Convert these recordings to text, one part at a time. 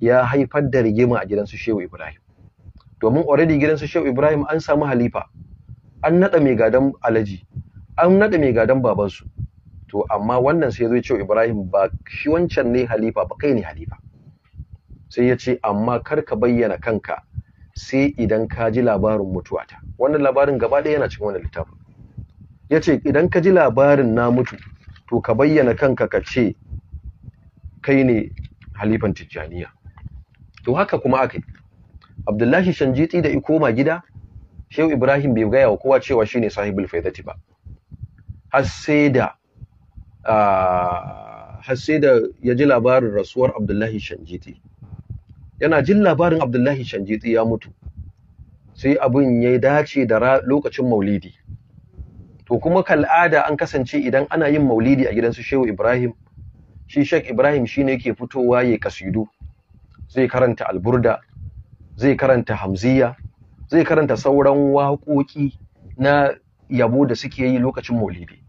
ya haifar da rigima a gidansu Shehu Ibrahim domin already gidansu Shehu Ibrahim an samu halifa an nada mai gadan alaji an nada mai gadon babansu to amma wannan sai zai ce Ibrahim ba shi wancan ne halifa ba kai ne halifa sai ya ce amma kar ka bayyana kanka sai idan ka ji labarin mutuwata wannan labarin gaba ɗaya yana cikin wannan littafin ya ce idan ka ji labarin na mutu to ka bayyana kanka ka ce kai ne halifan tijjaniya to haka kuma aka yi abdullahi shanjiti da ikoma gida shehu ibrahim bai gaya wa kowa cewa shine sahibul faidati ba har sai da ya ji labarin rasuwar abdullahi shanjiti yana jin labarin abdullahi shanjiti ya mutu sai abin ya dace da lokacin maulidi to kuma kal'ada an kasance idan ana yin maulidi a gidansu shehu ibrahim shi shek ibrahim shine yake fitowa ya kasidu zai karanta alburda zai karanta hamziya zai karanta sauran waƙoƙi na yabo da suke yi lokacin maulidi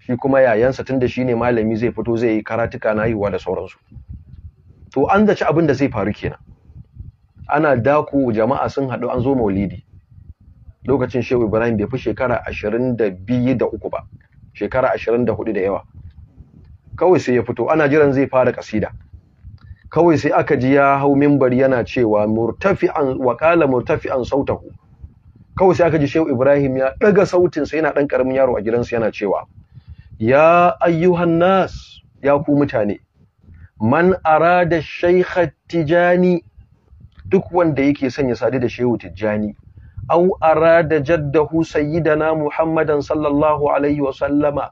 shi kuma yayansa tunda ne malami zai fito zai yi karatuka na yiwa da sauransu to an zaci abin da zai faru kenan ana dako jama'a sun haɗu an zo maulidi lokacin shehu ibrahim bai fi shekara ashirin da biyu da uku ba shekara ashirin da hudu da yawa kawai sai ya fito ana jiran zai fara kasida kawai sai aka ji ya hau mimbar yana cewa murtafi'an wa qala murtafi'an sautahu kawai sai aka ji Shehu Ibrahim ya daga sautin sa yana dan karamin yaro a gidansa yana cewa ya ayyuhan nas ya ku mutane man arada shaykha tijani duk wanda yake son ya sadu da Shehu Tijjani aw arada jaddahu sayyidana Muhammadan sallallahu alaihi wa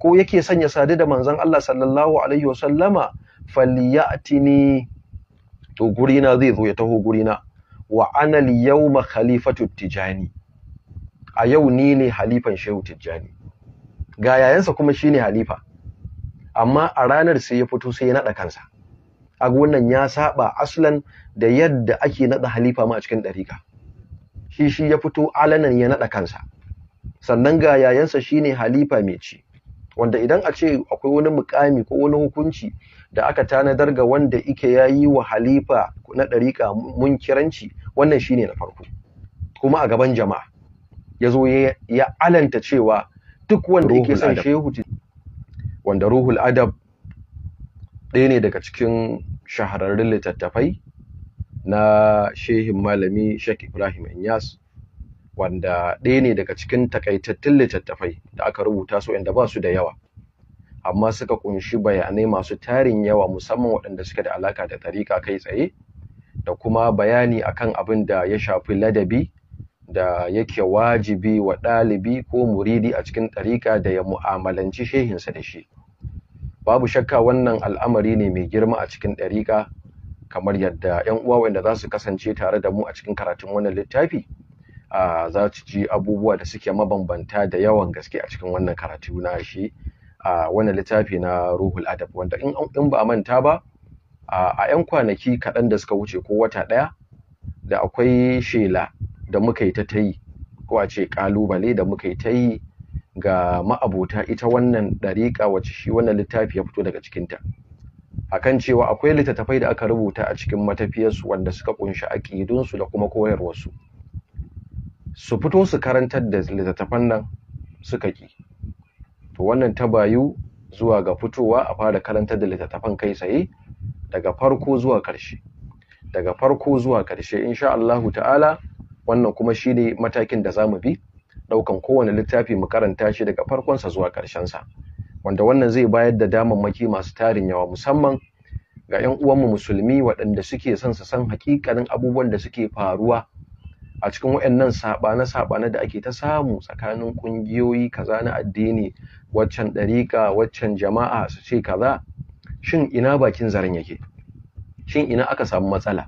ko yake son ya sadu da manzon Allah sallallahu alaihi wa falyatini to gurina zai zo ya taho gurina wa yau ma yawma khalifatu tijani a yau ni ne halifan shehu tijani ga yayansa kuma shine halifa amma a ranar sai ya fito sai ya nada kansa aga wannan ya saba aslan da yadda ake nada halifa ma a cikin ɗarika. shi shi ya fito alanan ya nada kansa sannan ga yayansa shine halifa mai ci wanda idan a ce akwai wani mukami ko wani hukunci da aka tanadar ga wanda ike yi wa halifa na ɗariƙa munkiranci wannan shine na farko kuma a gaban jama'a ya zo ya alanta cewa duk wanda yake son shehu wanda ruhul adab ɗaya ne daga cikin shahararrun littattafai na shehin malami shek Ibrahim Inyas wanda ɗaya ne daga cikin takaitattun littattafai da aka rubuta su inda ba su da yawa amma suka ƙunshi bayanai masu tarin yawa musamman waɗanda suke da alaka da tariƙa kai tsaye da kuma bayani akan abin da ya shafi ladabi da yake wajibi wa ɗalibi ko muridi a cikin tariƙa da ya mu'amalanci shehinsa da shi babu shakka wannan al'amari ne mai girma a cikin ɗariƙa kamar yadda 'yan uwa wanda za su kasance tare da mu a cikin karatun wannan littafi ah, za su ji abubuwa da suke mabambanta da yawan gaske a cikin wannan karatu na shi a wannan littafi na ruhul adab wanda in ba a manta ba a yan kwanaki kaɗan da suka wuce ko wata ɗaya da akwai shela da muka yi ta ta yi ko a ce ƙalubale da muka yi ta yi ga ma'abota ita wannan ɗariƙa wacce shi wannan littafi ya fito daga cikinta akan cewa akwai littattafai da aka rubuta a cikin matafiyarsu wanda suka ƙunshi aƙidunsu da kuma koyarwarsu su fito su karantar da littattafan nan suka ƙi to wannan ta bayu zuwa ga fitowa a fara karanta da littattafan kai tsaye daga farko zuwa ƙarshe daga farko zuwa ƙarshe insha Allahu ta'ala wannan kuma shine matakin da zamu bi ɗaukan kowane littafi mu karanta shi daga farkon sa zuwa ƙarshen sa wanda wannan zai bayar da damammaki masu tarin yawa musamman ga ƴan uwanmu musulmi waɗanda suke son su san haƙiƙanin abubuwan da suke faruwa a cikin waɗannan saɓane-saɓane da ake ta samu tsakanin ƙungiyoyi kaza na addini waccan ɗariƙa waccan jama'a su ce kaza shin ina bakin zaren yake shin ina aka samu matsala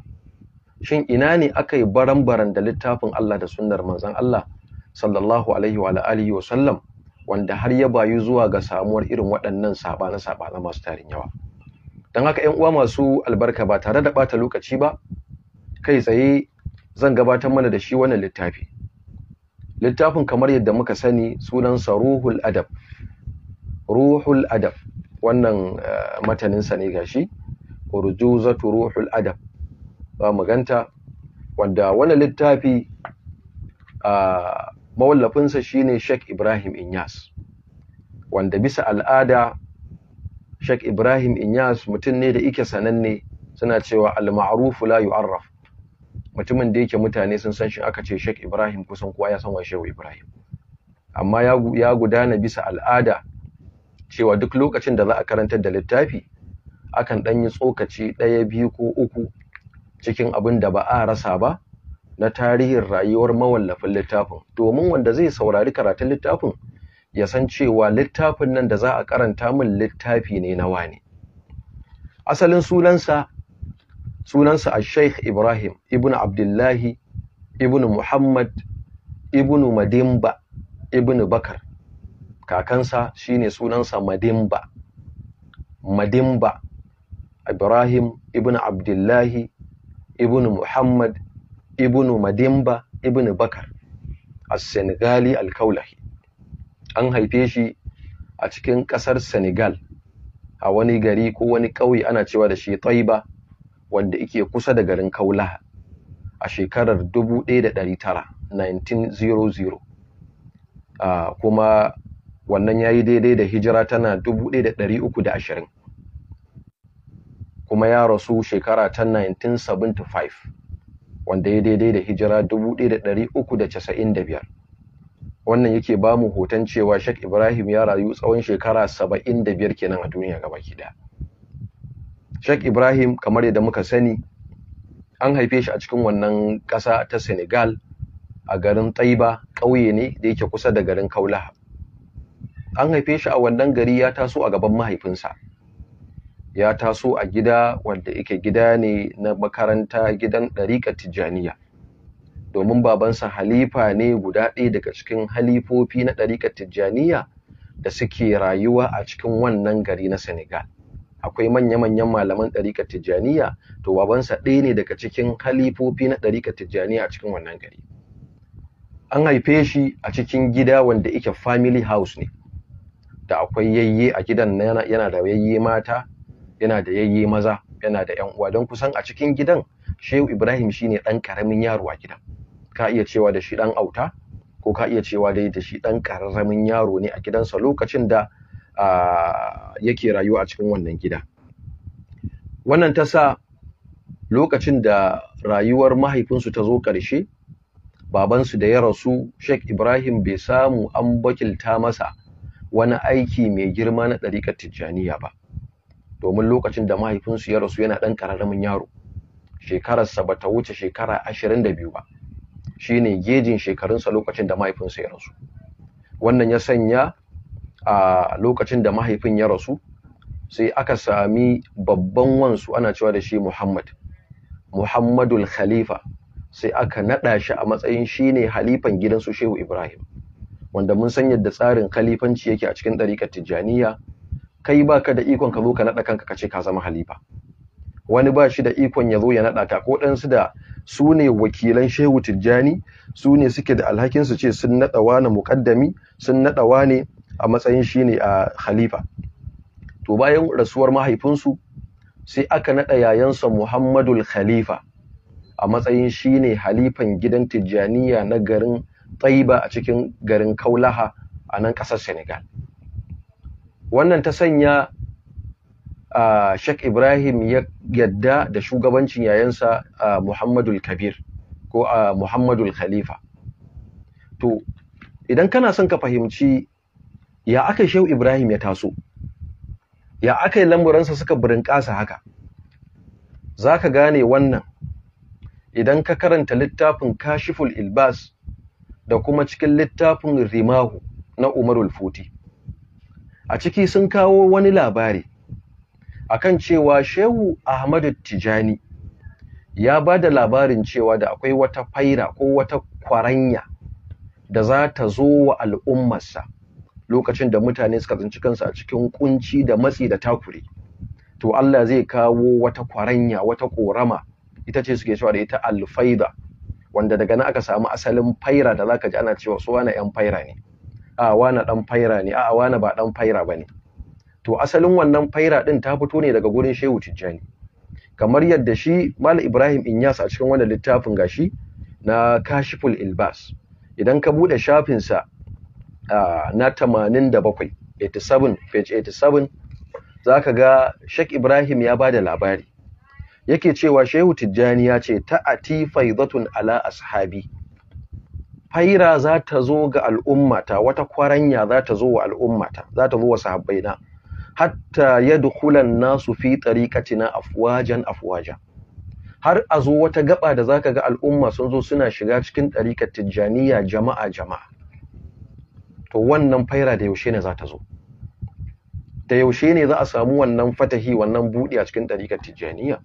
shin ina ne aka yi baran-baran da littafin Allah da sunnar manzon Allah sallallahu alaihi wa alihi wa sallam wanda har ya bayu zuwa ga samuwar irin waɗannan saɓane-saɓane masu tarin yawa don haka ‘yan uwa masu albarka ba tare da ɓata lokaci ba kai tsaye zan gabatar mana da shi wannan littafi littafin kamar yadda muka sani sunansa ruhul adab ruhul adab wannan eh, mataninsa ne gashi urjuzatu ruhul adab ba mu ganta wanda wannan littafi eh, mawallafinsa shine Sheikh Ibrahim Inyas wanda bisa al'ada Sheikh Ibrahim Inyas mutum ne da ike sananne suna cewa al-ma'ruf la yu'arraf mutumin da yake mutane sun san shi aka ce Sheikh Ibrahim kusan kowa ya san wa Shehu Ibrahim amma ya ya gudana bisa al'ada cewa duk lokacin da za a karantar da littafi akan dan yi tsokaci ɗaya biyu ko uku cikin abin da ba a rasa ba na tarihin rayuwar mawallafin littafin domin wanda zai saurari karatun littafin ya san cewa littafin nan da za a karanta min littafi ne na wani asalin sunansa sunansa a sheikh ibrahim ibn abdullahi ibn muhammad ibn madimba ibn bakar kakansa shine sunansa madimba madimba ibrahim ibn abdullahi ibn muhammad ibn madimba ibn bakar a senegali alkaulahi an haife shi a cikin ƙasar senegal a wani gari ko wani ƙauye ana cewa da shi taiba wanda yake kusa da garin Kaula a shekarar 1900 1900 uh, kuma wannan ya yi daidai da hijira tana da 1320 kuma ya rasu shekara ta 1975 wanda ya daidai da hijira da da biyar. wannan yake ba mu hoton cewa shek Ibrahim ya rayu tsawon shekara 75 kenan a duniya gabaki ɗaya Sheikh Ibrahim kamar yadda muka sani an haife shi a cikin wannan ƙasa ta Senegal a garin Taiba ƙauye ne da yake kusa da garin Kaulaha an haife shi a wannan gari ya taso a gaban mahaifinsa ya taso a gida wanda yake gida ne na makaranta gidan ɗariƙa tijjaniya domin babansa halifa ne guda ɗaya daga cikin halifofi na ɗariƙa tijjaniya da suke rayuwa a cikin wannan gari na senegal akwai manya-manyan malaman ɗariƙar tijjaniya to babansa ɗaya ne daga cikin halifofi na ɗariƙar tijjaniya a cikin wannan gari an haife shi a cikin gida wanda yake family house ne da akwai yayye a gidan yana da yayye mata yana da yayye maza yana da yan uwa don kusan a cikin gidan Shehu Ibrahim shi ne ɗan ƙaramin yaro a gidan ka iya cewa da shi ɗan auta ko ka iya cewa dai da shi ɗan ƙaramin yaro ne a gidansa lokacin da yake rayuwa a cikin wannan gida wannan ta sa lokacin da rayuwar mahaifinsu ta zo ƙarshe babansu da ya rasu Sheikh Ibrahim bai samu an bakilta masa wani aiki mai girma na ɗariƙar Tijjaniya ba domin lokacin da mahaifinsu ya rasu yana ɗan ƙararramin yaro shekararsa ba ta wuce shekara ashirin da biyu ba shi ne gejin shekarunsa lokacin da mahaifinsa ya rasu wannan ya sanya a lokacin da mahaifin ya rasu sai aka sami babban wansu ana cewa da shi Muhammad Muhammadul Khalifa sai aka nada shi a matsayin shine halifan gidan su Shehu Ibrahim wanda mun san yadda tsarin khalifanci yake a cikin dariƙar Tijjaniya kai baka da ikon ka zo ka nada kanka kace ka zama halifa wani ba shi da ikon ya zo ya nada ka ko dan su da su ne wakilan Shehu Tijjani su ne suke da alhakin su ce sun nada wani muqaddami sun nada wani a matsayin shine a khalifa to bayan rasuwar mahaifinsu sai aka naɗa yayansa Muhammadul Khalifa a matsayin shine halifan gidan Tijjaniya na garin Taiba a cikin garin Kaulaha a nan ƙasar Senegal. Wannan ta sanya uh, Sheikh Ibrahim ya yadda da shugabancin yayansa uh, Muhammadul Kabir ko uh, Muhammadul Khalifa. To, idan kana son ka fahimci ya aka shehu ibrahim ya taso ya aka yi lamburansa suka burinkasa haka zaka gane wannan idan ka karanta littafin kashiful ilbas da kuma cikin littafin rimahu na umarul futi a ciki sun kawo wani labari akan cewa shehu ahmadu tijani ya ba da labarin cewa da akwai wata faira ko wata kwaranya da za ta zo wa al'ummarsa lokacin da mutane suka tsinci kansu a cikin kunci da matsi da takure to Allah zai kawo wata kwaranya wata korama ita ce suke cewa da ita alfaida wanda daga nan aka samu asalin faira da zaka ji ana cewa su wani yan faira ne a wani ɗan faira ne a wani ba dan faira ne. to asalin wannan faira ɗin ta fito ne daga gurin Shehu Tijjani kamar yadda shi Mal Ibrahim Inyas a cikin wannan littafin gashi na Kashiful Ilbas idan ka buɗe shafin sa na 87 87 page 87 zaka ga Sheikh Ibrahim ya bada labari yake cewa Shehu Tijjani ya ce ta'ati faidatun ala ashabi faira za ta zo ga al'ummata wata kwaranya za ta zo wa al'ummata za ta zo wa sahabbaina hatta yadkhulan nasu fi tariqatina afwajan afwaja har a zo wata gaba da zaka ga al'umma sun zo suna shiga cikin tariqat tijjaniya jama'a jama'a to wannan faira da yaushe ne za ta zo da yaushe ne za a samu wannan fatahi wannan buɗe a cikin ɗariƙar tijjaniya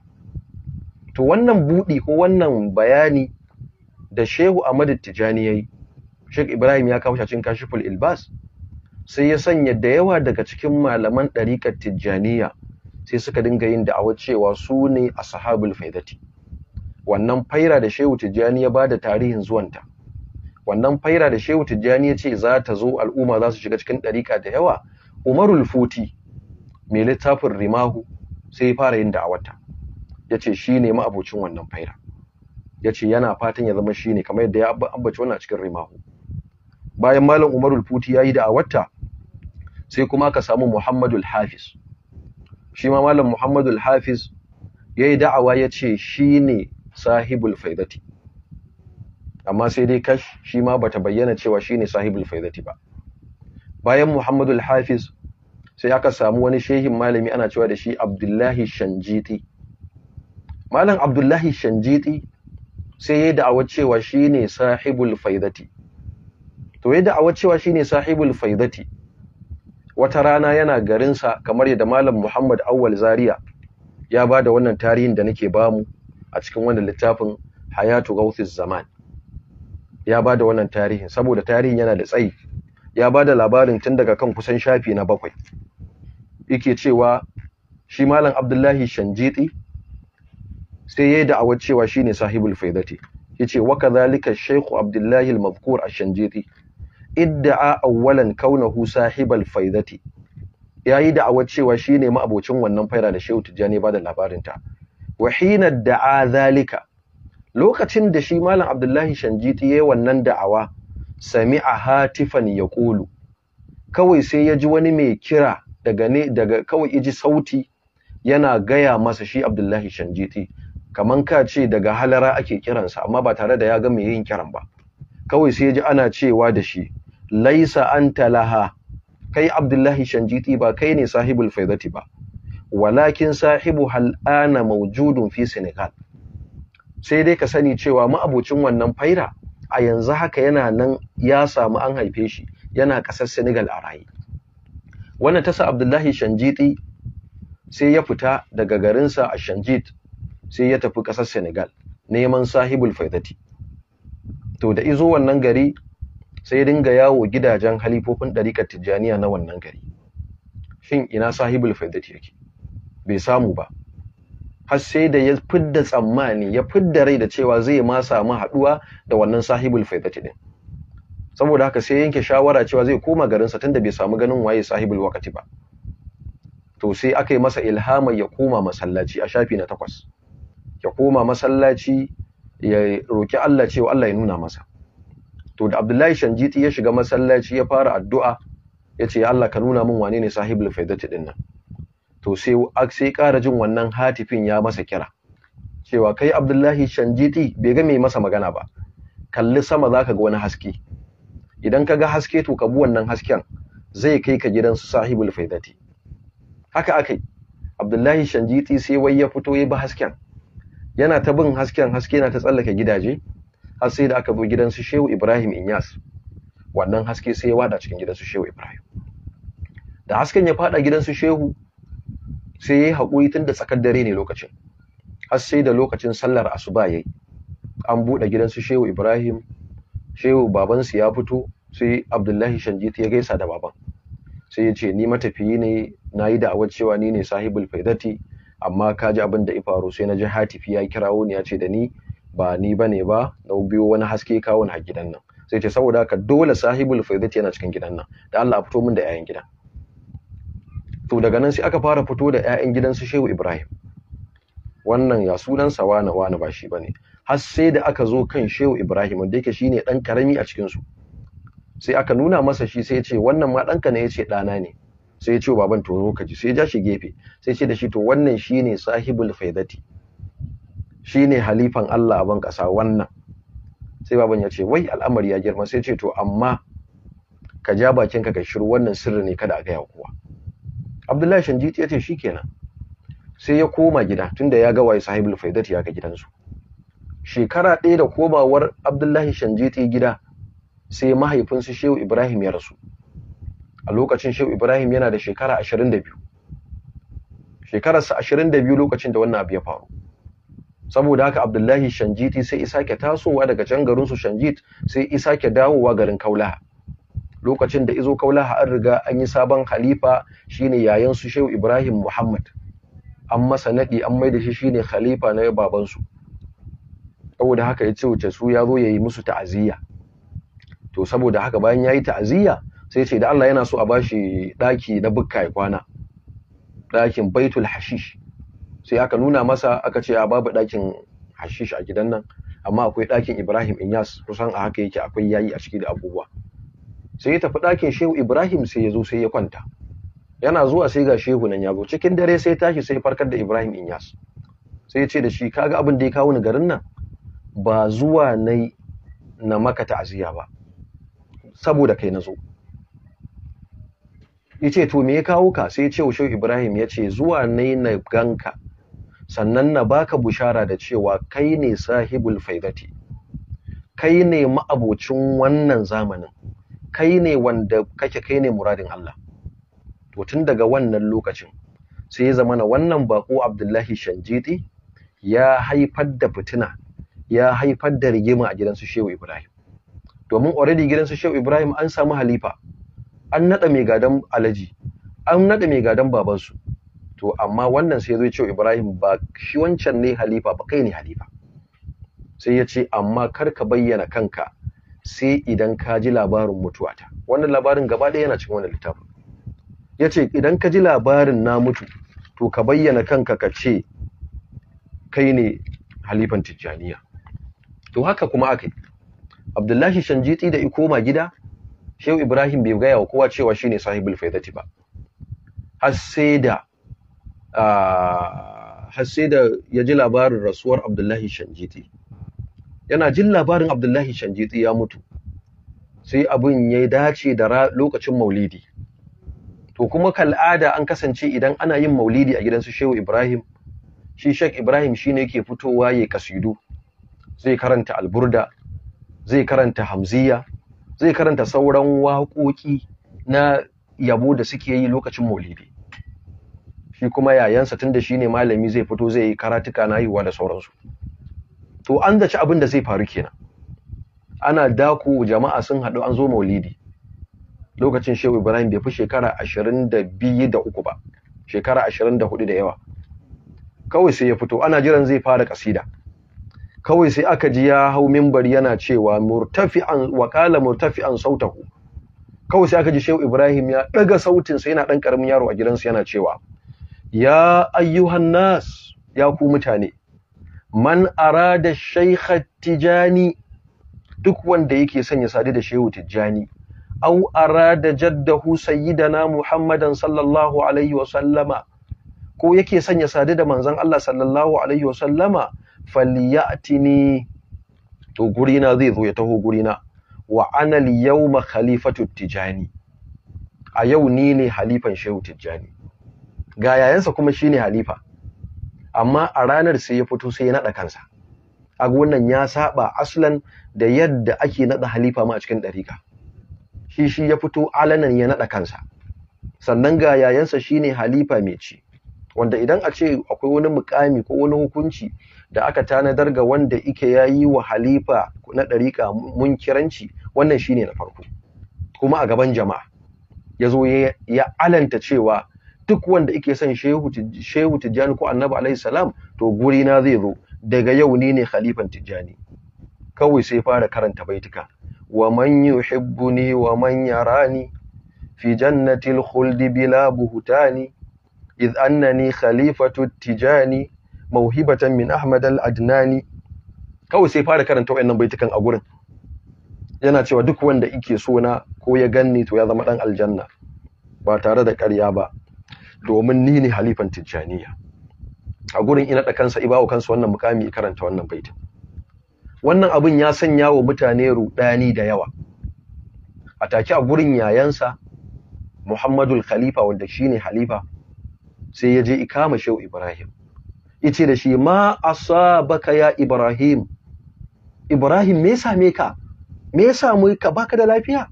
to wannan buɗi ko wannan bayani da shehu ahmad tijjani ya yi ibrahim ya kawo cikin kashiful ilbas sai ya sanya da yawa daga cikin malaman ɗariƙar tijjaniya sai suka dinga yin da'awar cewa su ne ashabul faidati wannan faira da shehu tijjani ya da tarihin zuwanta wannan faira da shehu tijjani ya ce za ta zo al'umma za su shiga cikin ɗariƙa da yawa umarul futi mai littafin rimahu sai fara yin da'awata ya ce shi ne ma'abocin wannan faira ya ce yana fatan ya zama shi ne kamar yadda ya ambaci wannan cikin rimahu bayan malam umarul futi ya yi da'awata sai kuma ka samu muhammadul hafiz shi ma malam muhammadul hafiz ya yi da'awa ya ce shi ne sahibul faidati amma sai dai kash shi ma bata bayyana cewa shine sahibul faidati ba bayan Muhammadu al-Hafiz sai aka samu wani shehin malami ana cewa da shi Abdullahi Shanjiti malam Abdullahi Shanjiti sai yayi da'awa cewa shine sahibul faidati to yayi da'awa cewa shine sahibul faidati wata rana yana garin sa kamar yadda malam Muhammad Awwal Zaria ya bada wannan tarihin da nake bamu a cikin wannan littafin Hayatu Gawthiz Zaman ya bada wannan tarihin saboda tarihin yana da tsayi ya bada labarin tun daga kan kusan shafi na bakwai yake cewa shi malam Abdullahi Shanjiti sai yayi da'awa cewa shine sahibul faidati yace wa kadhalika Sheikh Abdullahi al-Mazkur ash-Shanjiti idda'a awwalan kaunahu sahibul faidati yayi da'awa cewa shine ma'abocin wannan faira da Shehu Tijjani ba da labarin ta wa hina da'a zalika lokacin da shi malam abdullahi shanjiti yi wannan da'awa sami'a hatifan ya yaqulu kawai sai ya ji wani mai kira daga ne daga kawai iji sauti yana gaya masa shi abdullahi shanjiti kaman ka ce daga halara ake kiransa amma ba tare da ya ga mai yin kiran ba kawai sai ya ji ana cewa da shi laisa anta laha kai abdullahi shanjiti ba kai ne sahibul faidati ba walakin sahibu hal'ana maujudun fi senegal sai dai ka sani cewa ma'abocin wannan faira a yanzu haka yana nan ya samu an haife shi yana ƙasar Senegal a raye wannan tasa Abdullahi Shanjiti sai ya fita daga garinsa a Shanjit sai ya tafi ƙasar Senegal neman sahibul faidati to da izo wannan gari sai dinga yawo gidajen halifofin ɗarikar Tijjaniya na wannan gari shin ina sahibul faidati yake bai samu ba har sai da ya fidda tsammani ya fidda rai da cewa zai ma samu haɗuwa da wannan sahibul faidati din saboda haka sai yanke shawara cewa zai koma garinsa tunda bai samu ganin waye sahibul waqti ba to sai aka yi masa ilhama ya koma masallaci a shafi na takwas ya koma masallaci ya roki Allah cewa Allah ya nuna masa to da Abdullahi Shanjiti ya shiga masallaci ya fara addu'a yace ya Allah ka nuna min wane ne sahibul faidati din nan to sai sai ƙara jin wannan hatifin ya masa kira cewa kai Abdullahi Shanjiti bai ga mai masa magana ba kalli sama zaka ga wani haske idan ka ga haske to ka bi wannan hasken zai kai ka gidan su sahibul faidati haka akai Abdullahi Shanjiti sai wai ya fito ya bi hasken yana ta bin hasken haske na ta tsallaka gidaje har sai da aka bi gidan su Shehu Ibrahim Inyas wannan haske sai ya wada cikin gidan su Shehu Ibrahim da hasken ya fada gidan su Shehu sai yayi haƙuri tun da tsakar dare ne lokacin har sai da lokacin sallar asuba yayi an buɗe gidan su Shehu Ibrahim Shehu babansu ya fito sai Abdullahi Shanjiti ya gaisa da baban sai ya ce ni matafiyi ne na yi cewa ni ne sahibul faidati amma ka ji abin da ya faru sai na ji hatifi ya kirawo ni ya ce da ni ba ni ba ne ba na biyo wani haske kawon a gidan nan sai ce saboda haka dole sahibul faidati yana cikin gidan nan da Allah fito min da 'ya'yan gidan to daga nan sai aka fara fito da 'ya'yan gidansu shehu ibrahim wannan ya sunan sa, wani wani ba shi bane har sai da aka zo kan shehu ibrahim wanda yake shine ɗan karami a cikinsu sai aka nuna masa shi sai ya ce wannan ma danka ne ya ce ɗana ne sai ya ce baban to zo ka ji sai ya gefe sai ce da shi to wannan shine sahibul faidati shine halifan Allah a ban kasa wannan sai baban ya ce wai al'amari ya girma sai ce to amma ka ja bakin ka shiru wannan sirri ne kada a gaya kowa abdullahi shanjiti ya ce shi kenan sai ya koma gida tunda ya ga waye sahibul fa'idati ya ga gidansu shekara ɗaya da komawar abdullahi shanjiti gida sai mahaifinsu shehu ibrahim ya rasu a lokacin shehu ibrahim yana da shekara 22 shekararsa 22 lokacin da wannan abu ya faru saboda haka abdullahi shanjiti sai isa ke tasowa daga can garinsu shanjit sai isa ke dawowa garin kaulaha lokacin da izo kaulaha an riga an yi sabon khalifa shine yayan su Shehu Ibrahim Muhammad an masa nadi an mai da shi shine khalifa na baban su saboda haka ya ce wuce su ya zo yayi musu ta'aziyya to saboda haka bayan yayi ta'aziyya sai ce da Allah yana so a bashi daki na bukka ya kwana dakin Baitul Hashish sai aka nuna masa aka ce a babu dakin hashish a gidan nan amma akwai dakin Ibrahim Inyas kusan a haka yake akwai yayi a ciki da abubuwa sai ya tafi ɗakin shehu ibrahim sai ya zo sai ya kwanta yana zuwa sai ga shehu nan ya zo cikin dare sai tashi sai farkar da ibrahim inyas sai ya ce da shi kaga abin da ya kawo ni garin nan ba zuwa nai na maka ta'aziyya ba saboda kai na zo ya ce to me ya kawo ka sai ya ce shehu ibrahim ya ce zuwa nai na ganka sannan na baka bushara da cewa kai ne sahibul faidati kai ne ma'abocin wannan zamanin kai ne wanda kake kai ne muradin Allah to tun daga wannan lokacin sai ya zamana wannan bako Abdullahi Shanjiti ya haifar da fitina ya haifar da rigima a gidansu Shehu Ibrahim domin already gidansu Shehu Ibrahim an samu halifa an nada mai gadan alaji an nada mai gadan babansu to amma wannan sai zai ce Ibrahim ba shi wancan ne halifa ba kai ne halifa sai ya ce amma kar ka bayyana kanka sai idan ka ji labarin mutuwata wannan labarin gaba ɗaya yana cikin wannan littafin yace idan ka ji labarin na mutu to ka bayyana kanka ka ce kai ne halifan tijjaniya to haka kuma aka yi Abdullahi Shanjiti da ikoma gida Shehu Ibrahim bai gaya wa kowa cewa shine sahibul faidati ba har da ah, har sai da ya ji labarin rasuwar Abdullahi Shanjiti yana jin labarin Abdullahi Shanjiti ya mutu sai abin ya dace da lokacin maulidi to kuma kal'ada an kasance idan ana yin maulidi a gidansu Shehu Ibrahim shi Sheikh Ibrahim shine yake fitowa ya kasidu zai karanta alburda zai karanta hamziya zai karanta sauran waƙoƙi na yabo da suke yi lokacin maulidi shi kuma yayansa tunda shine malami zai fito zai yi karatuka na haihuwa da sauransu to an zaci abin da zai faru kenan ana dako jama'a sun haɗu an zo maulidi lokacin shehu ibrahim bai fi shekara ashirin da biyu da uku ba shekara ashirin da hudu da yawa kawai sai ya fito ana jiran zai fara kasida kawai sai aka ji ya hau mimbar yana cewa murtafi'an wa murtafi'an sautahu kawai sai aka ji shehu ibrahim ya daga sautin sa yana dan karamin yaro a gidansa yana cewa ya ayyuhan nas ya ku mutane man arada shaykha tijani duk wanda yake son ya sadu da shehu tijani aw arada jaddahu sayyidana muhammadan sallallahu alaihi wa sallama ko yake son ya sadu da manzon Allah sallallahu alaihi wa sallama falyatini to gurina zai zo ya taho gurina wa ana al-yawma khalifatu tijani a yau ni ne halifan shehu tijani. ga yayansa kuma shine halifa amma a ranar sai ya fito sai ya naɗa kansa a wannan ya saba aslan da yadda ake naɗa halifa ma a cikin ɗarika. shi shi ya fito alanan ya naɗa kansa sannan ga yayansa shine halifa mai ci wanda idan a ce akwai wani mukami ko wani hukunci da aka tanadar ga wanda ike yayi wa halifa na mun kiranci wannan shine na farko kuma a gaban jama'a ya zo ya alanta cewa duk wanda ike son shehu tijjani ko annabi alaihi salam to guri na zai zo daga yau ni ne khalifan tijjani kawai sai fara karanta baituka wa man yuhibbuni wa man yarani fi jannatil khuld bila buhtani annani khalifatu tijjani التجاني min ahmad al-adnani kawai sai fara karanta wayannan baitukan a gurin yana cewa duk wanda ike so na ko ya ganni to ya zama dan aljanna ba tare da ƙarya ba domin ni ne halifan tijjaniya a gurin ina da kansa ibawo kansa wannan mukami karanta wannan baitin wannan abin ya sanya wa mutane rudani da yawa a take a gurin yayansa Muhammadul Khalifa wanda shine halifa sai ya je ikama Shehu Ibrahim yace da shi ma asabaka ya Ibrahim Ibrahim me same ka me ya samu ka baka da lafiya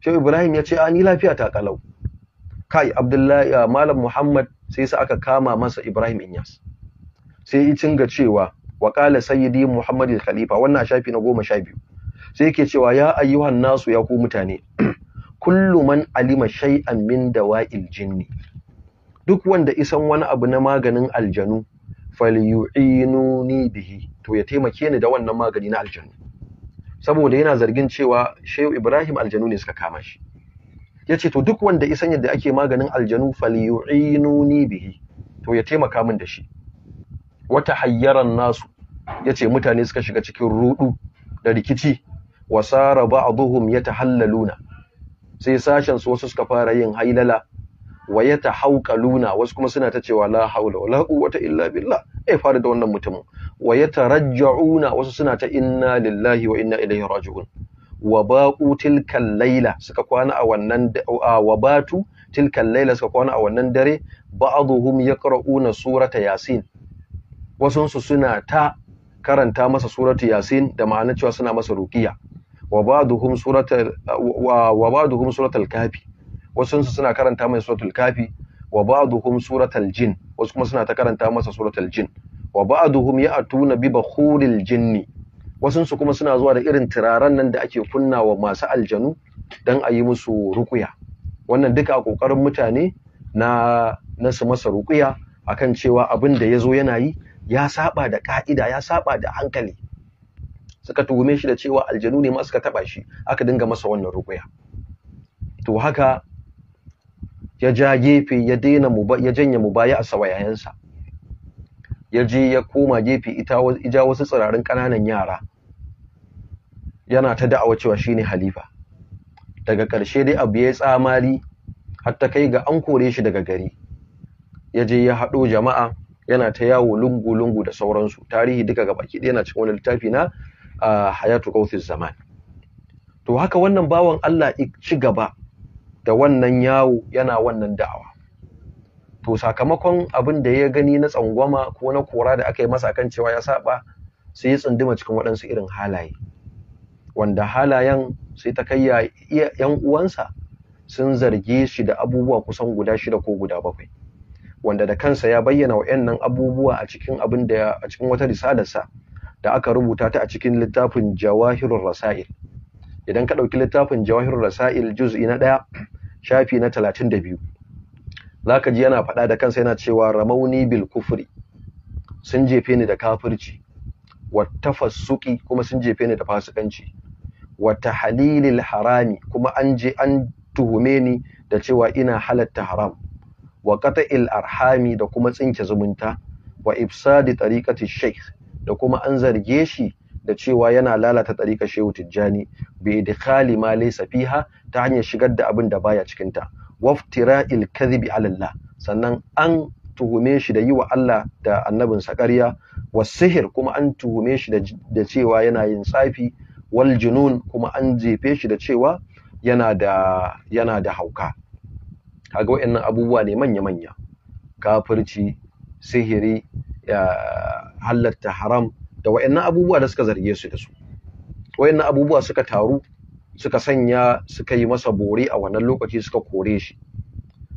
Shehu Ibrahim ya ce a ni lafiya ta kalau kai abdullahi ah, malam muhammad sai sa aka kama masa ibrahim inyas sai yi cinga cewa wa qala sayyidi muhammad khalifa wannan shafi na biyu sai yake cewa ya ayyuhan nasu ya ku mutane kullu man alima shay'an min dawa'il jinni duk wanda isan wani abu na maganin aljanu falyu'inuni bihi to ya taimake ni da wannan magani na aljanu saboda yana zargin cewa shehu ibrahim aljanu ne suka kama shi yace to duk wanda isan yadda ake maganin aljanu falyu'inuni bihi to ya taimaka min da shi wata hayyaran nasu yace mutane suka shiga cikin rudu da rikici wasara ba'dhum yatahallaluna sai sashen su wasu suka fara yin hailala wa yatahawqaluna wasu kuma suna ta cewa la haula wala quwwata illa billah ai fara da wannan mutumin wa yatarajja'una wasu suna ta inna lillahi wa inna ilaihi raji'un wa tilkan tilkal laila suka kwana a wannan wa wabatu tilkal laila suka kwana a wannan dare ba'dhum yaqra'una surata yasin wasun su suna ta karanta masa suratu yasin da ma'anar cewa suna masa ruqiya wabaduhum surata wa suratal kafi wasun su suna karanta masa suratul kafi wabaduhum suratal jin wasu kuma suna ta karanta masa suratul jin wabaduhum ya'tuna bi bakhuril jinni wasunsu kuma suna zuwa da irin turaren nan da ake kunna wa masu aljanu don a yi musu rukuya wannan duka a ƙoƙarin mutane na na su masa rukuya akan cewa abin da ya zo yana yi ya saba da ka'ida ya saba da hankali suka tuhume shi da cewa aljanu ne ma suka taba shi aka dinga masa wannan rukuya to haka ya ja gefe ya daina ya janye mubaya a sawayayensa ya je ya koma gefe ita wasu tsirarin ƙananan yara yana ta da'awa cewa shi ne halifa daga ƙarshe dai abu ya yi tsamari har ta kai ga an kore shi daga gari ya je ya haɗo jama'a yana ta yawo lungu-lungu da sauransu tarihi duka ga baki ɗaya na cikin wani littafi na hayatu kawfis zaman to haka wannan bawan Allah ci gaba da wannan yawo yana wannan da'awa to sakamakon abin da ya gani na tsangwama ko na kora da aka yi masa kan cewa ya saba sai ya tsunduma cikin waɗansu irin halaye wanda halayen sai ta kai yan uwansa sun zarge shi da abubuwa kusan guda shida ko guda bakwai wanda da kansa ya bayyana wa'annan abubuwa a cikin abin da a cikin wata risalarsa da aka rubuta ta a cikin littafin Jawahirur Rasail idan ka ɗauki littafin Jawahirur Rasail juz'i na ɗaya shafi na talatin da Za zaka ji yana faɗa da kansa yana cewa ramauni bil kufri sun jefe ni da kafirci wa tafassuki kuma sun jefe ni da fasikanci wa tahlilil harami kuma an je an tuhume ni da cewa ina halatta haram wa qata'il arhami da kuma tsinke zumunta wa ifsadi tariqati shaykh da kuma an zarge shi da cewa yana lalata tariqar shehu tijjani bi idkhali ma laysa fiha ta hanyar shigar da abin da baya cikin ta waftira'il kadhibi 'ala Allah sannan an tuhume shi da yi wa Allah da annabinsa ƙarya wa sihir kuma an tuhume shi da cewa yana yin tsafi wal kuma an jefe shi da cewa yana da da hauka kaga wayannan abubuwa ne manya manya kafirci sihiri halatta haram da wayannan abubuwa da suka zarge su da su wayannan abubuwa suka taru suka sanya suka yi masa bore a wannan lokaci suka kore shi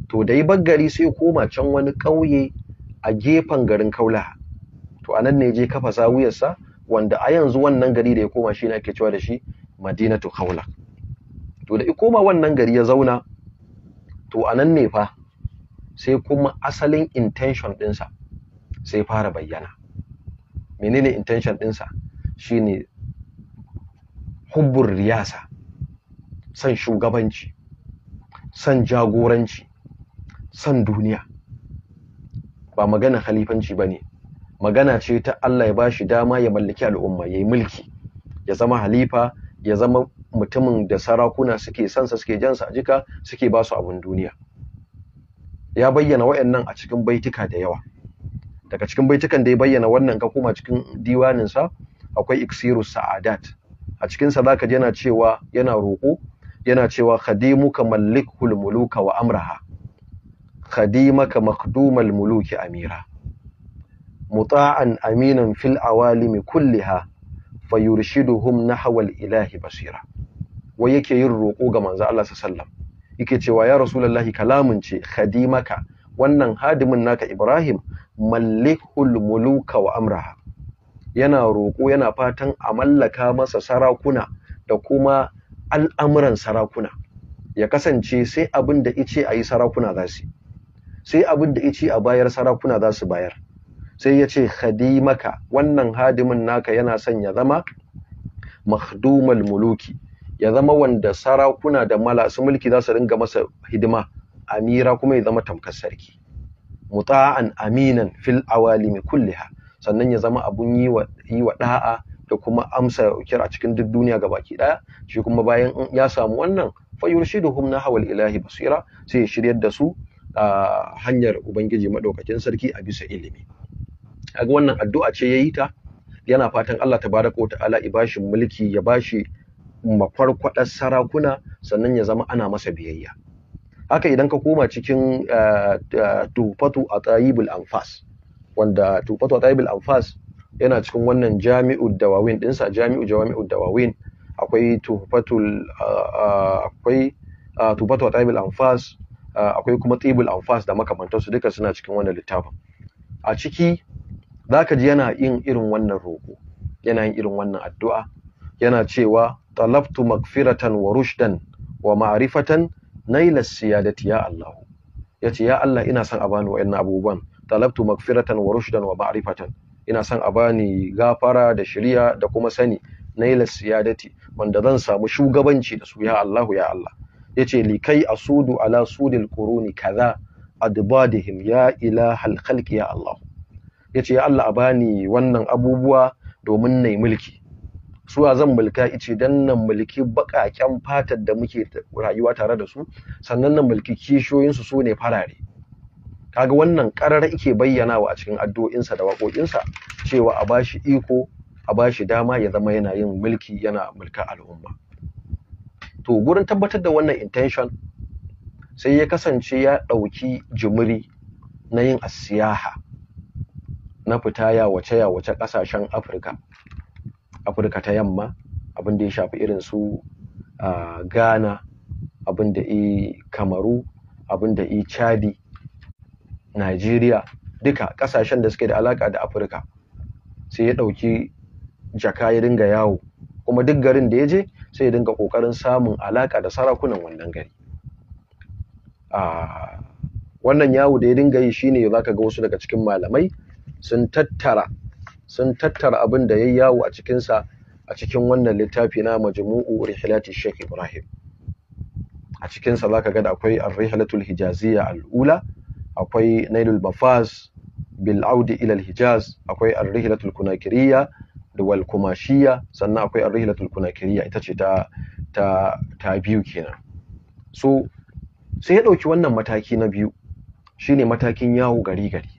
to da yi baggari sai koma can wani ƙauye a gefen garin kaulaha to anan ne je kafa sa? wanda a yanzu wannan gari da ya koma shi ne ake cewa da shi madinatu haula. to da ya koma wannan gari ya zauna to a nan ne fa sai kuma asalin intention ɗinsa sai fara bayyana menene intention ɗinsa ne hubbur riyasa san shugabanci san jagoranci san duniya ba magana khalifanci bane magana ce ta Allah ya bashi dama ya mallaki al'umma yayi mulki ya zama halifa ya zama mutumin da sarakuna suke sansa suke jansa a jika suke ba su abin duniya ya bayyana wayannan a cikin baitika da yawa daga cikin baitikan da ya bayyana wannan ka kuma cikin diwanin sa akwai iksiru, sa'adat a cikin sa zaka ji yana cewa yana roko yana cewa khadimuka mallikul muluka wa amraha khadimaka makdumal muluki amira muta'an aminan fil awalimi kulliha fayurshiduhum nahwal ilahi basira wai yake yin roko ga manzo Allah sallallahu yake cewa ya rasulullahi kalamun ce khadimaka wannan hadimin naka Ibrahim mallihul muluka wa amraha yana roko yana fatan a mallaka masa sarakuna da kuma al'amuran sarakuna ya kasance sai abin da ice ayi sarakuna za su sai abin da ice a bayar sarakuna za su bayar sai ya ce khadimaka wannan hadimin naka yana son ya zama makhdumul muluki ya zama wanda sarakuna da malasu mulki za su ringa masa hidima amira kuma ya zama tamkar sarki muta'an aminan fil awalimi kulliha sannan ya zama abun yi wa yi wa da'a da kuma amsa a cikin duk duniya gabaki daya shi kuma bayan ya samu wannan fa yurshiduhum na hawal ilahi basira sai ya shiryar da su a ah, hanyar ubangiji madaukakin sarki a bisa ilimi kaga wannan addu'a ce yayi ta yana fatan Allah tabaraka wa ta'ala ya bashi mulki ya bashi makwarkwadar sarakuna sannan ya zama ana masa biyayya haka idan ka koma cikin eh, eh, tufatu a tsayibul anfas wanda tufatu a anfas yana cikin wannan jami'u dawawin dinsa jami'u jawami'u dawawin akwai tufatul eh, akwai tufatu a tsayibul anfas akwai kuma tsibul anfas da makamantansu duka suna cikin wannan littafin a ciki zaka ji yana yin irin wannan roƙo yana yin irin wannan addu'a yana cewa talabtu magfiratan wa rushdan wa ma'rifatan naila siyadati ya Allah yace ya Allah ina son a bani wa'annan abubuwan talabtu magfiratan wa rushdan wa ma'rifatan ina son a bani gafara da shiriya da kuma sani naila siyadati wanda zan samu shugabanci da su ya Allah ya Allah yace likai asudu ala sudil quruni kaza adbadihim ya ilahal khalqi ya Allah Ya ya Allah a bani wannan abubuwa domin nayi mulki suwa zan mulka ice dan nan mulki baƙaƙen fatar da muke rayuwa tare da su sannan nan mulki kishoyinsu su ne farare kaga wannan ƙarar ike bayyanawa a cikin addu'o'insa da waƙoƙinsa cewa a bashi iko a bashi dama ya zama yana yin mulki yana mulka al'umma to gurin tabbatar da wannan intention sai ya kasance ya ɗauki jimiri na yin asiyaha na fita yawace-yawace ƙasashen afirka afirka ta yamma abin da ya shafi irin su ghana abin da i kamaru abin da i chadi nigeria duka ƙasashen da suke da alaƙa da afirka sai ya ɗauki jaka ya dinga yawo kuma duk garin da ya je sai ya dinga ƙoƙarin samun alaƙa da sarakunan wannan gari wannan yawo da ya dinga yi shine za ka ga wasu daga cikin malamai sun tattara sun tattara abin da yayi yawo a cikin sa a cikin wannan littafi na majmu'u rihlati Sheikh Ibrahim a cikin sa zaka ga da akwai ar-rihlatul hijaziyya al-ula akwai nailul mafaz bil audi ila al-hijaz akwai ar-rihlatul kunakiriyya wal kumashiyya sannan akwai ar-rihlatul kunakiriyya ita ce ta ta ta biyu kenan so sai ya dauki wannan mataki na biyu shine matakin yawo gari gari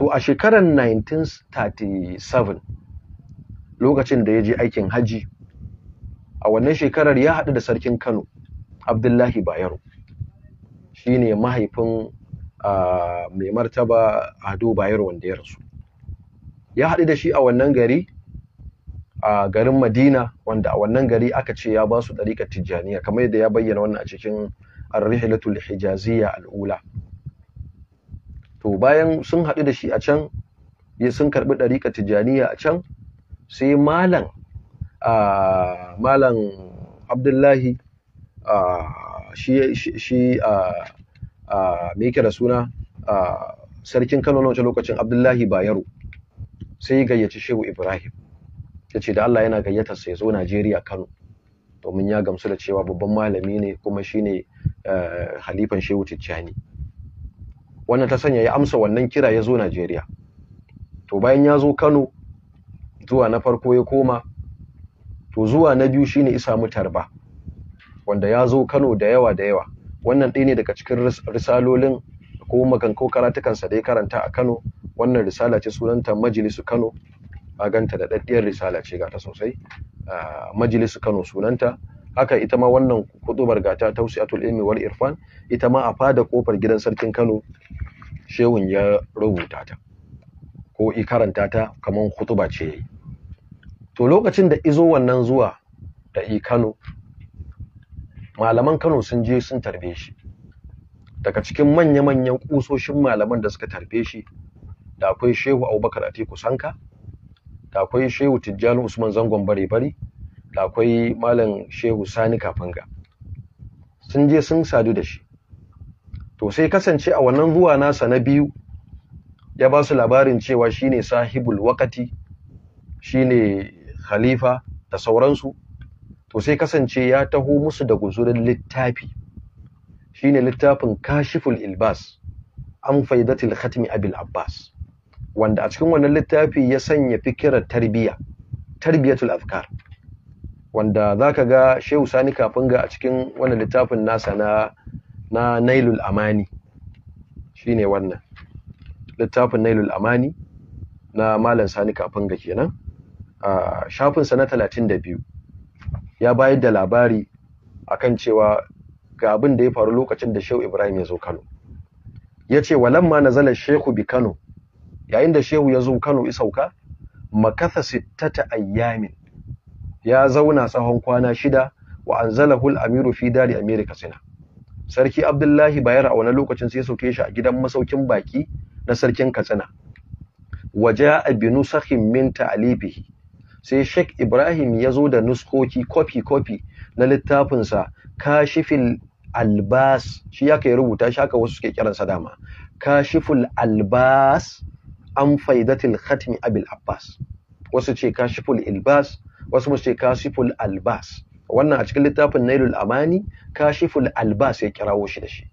to a shekarar 1937 lokacin da ya je aikin haji a wannan shekarar ya haɗu da sarkin kano abdullahi bayero shine ne mahaifin mai martaba ado bayero wanda ya rasu ya haɗu da shi a wannan gari a garin madina wanda a wannan gari aka ce ya ba su ɗariƙar tijjaniya kamar yadda ya bayyana wannan a cikin arrihilatul hijaziyya al'ula to bayan sun haɗu da shi a can sun karɓi ɗariƙa tijjaniya a can sai malam a malam abdullahi a shi shi a me yake da suna a sarkin kano na wancan lokacin abdullahi bayero sai ya gayyaci shehu ibrahim ya ce da allah yana gayyatar sa ya zo najeriya kano domin ya gamsu da cewa babban malami ne kuma shine eh, halifan shehu tijjani wannan ta sanya ya amsa wannan kira ya zo Najeriya to bayan ya zo Kano zuwa na farko ya koma to zuwa na biyu shine isa mutarba wanda ya zo Kano da yawa da yawa wannan ɗaya ne daga cikin risalolin ko makanko karatukansa da ya karanta a Kano wannan risala ce sunanta majalisu Kano a ganta da risala ce gata sosai ah, majalisu Kano sunanta haka ita ma wannan huɗubar gata tausiatul ilmi wal irfan ita ma a fada kofar gidan sarkin Kano shehun ya rubuta ta ko i karanta ta kaman kutuba ce yayi to lokacin da izo wannan zuwa da i Kano malaman Kano sun je sun tarbe shi daga cikin manya-manyan kusoshin malaman da suka tarbe shi da akwai Shehu Abubakar Atiku Sanka da akwai Shehu Tijjani Usman Zangon Bare Bare da akwai malam shehu sani kafanga sun je sun sadu da shi to sai kasance a wannan zuwa nasa na biyu ya ba su labarin cewa shine sahibul wakati shine khalifa da sauransu to sai kasance ya taho musu da guzurin littafi shine littafin kashiful ilbas an faidatul khatmi abil abbas wanda a cikin wannan littafi ya sanya fikirar tarbiya tarbiyatul afkar wanda za ka ga shehu sani Kafinga a cikin wannan littafin nasa na na nailul amani shine wannan littafin nailul amani na malam sani kafin ga kenan a sa na talatin da biyu ya bayar da labari akan cewa ga abin da ya faru lokacin da shehu ibrahim ya zo kano ya ce walamma na shehu bi kano yayin da shehu ya zo kano isauka makasa sittata ayyamin ya zauna tsawon kwana shida wa anzalahu al-amiru fi dari amiri katsina sarki abdullahi bayar a wani lokacin sai sauke shi a gidan masaukin baki na sarkin katsina waja'a bi nusakhin min ta'lifihi sai Sheikh Ibrahim ya zo da nuskoki kofi-kofi na littafinsa kashifil albas shi ya kai rubuta shi haka wasu suke kiransa dama kashiful albas an faidatil khatmi abil abbas wasu ce kashiful albas wasu mu ce kashiful albas wannan a cikin littafin nailul amani kashiful albas ya kirawo shi da shi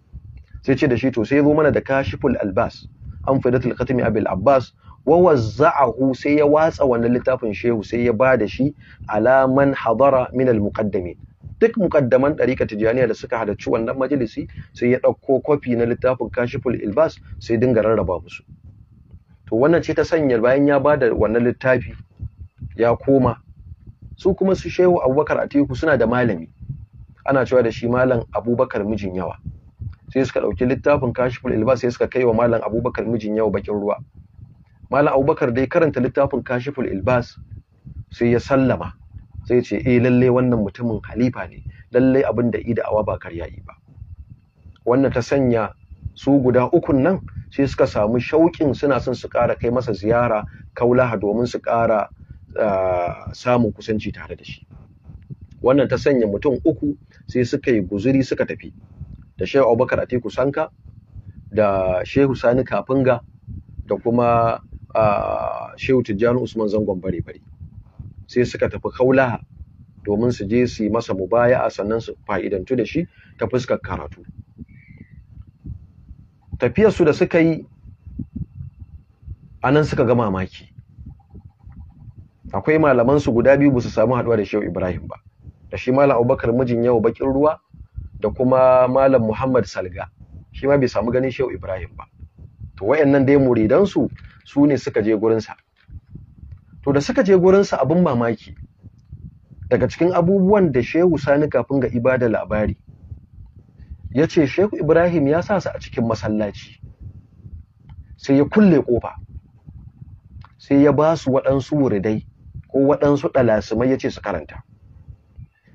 sai ce da shi to sai zo mana da kashiful albas an fidatul khatmi abil abbas wa wazza'ahu sai ya watsa wannan littafin shehu sai ya ba da shi ala man hadara min al muqaddamin duk mukaddaman ɗarika tijaniya da suka halarci wannan majalisi sai ya ɗauko kwafi na littafin kashiful albas sai dinga rarraba musu to wannan ce ta sanya bayan ya ba da wannan littafi ya koma su kuma su shehu abubakar a teku suna da malami ana cewa da shi malam abubakar mijin yawa sai suka ɗauki littafin kashiful ilbas sai suka kai wa malam abubakar mijin yawa bakin ruwa malam abubakar dai karanta littafin kashiful ilbas sai ya sallama sai ce eh lalle wannan mutumin halifa ne lalle abin da ida awa ba karya yi ba wannan ta sanya su guda ukun nan sai suka samu shauƙin suna son su ƙara kai masa ziyara kaulaha domin su ƙara samun kusanci tare da shi wannan ta sanya mutum uku sai suka yi guzuri suka tafi da shehu abubakar atiku sanka da shehu sani kafinga da kuma shehu tijjani usman zangon bare bare sai suka tafi kaulaha domin su je su yi masa mubaya'a sannan su fa'idantu da shi ta fuskar karatu su da suka yi a nan suka ga mamaki akwai malaman su guda biyu su samu haduwa da Shehu Ibrahim ba da shi malam Abubakar mijin yau bakin ruwa da kuma malam Muhammad Salga shi ma bai samu ganin Shehu Ibrahim ba to wayannan dai muridan su su ne suka je gurin sa to da suka je gurin sa abin mamaki daga cikin abubuwan da Shehu Sani kafin ga ibada labari ya ce Shehu Ibrahim ya sa su a cikin masallaci sai ya kulle kofa sai ya ba su waɗansu muridai ko waɗansu ɗalasimai ya ce su karanta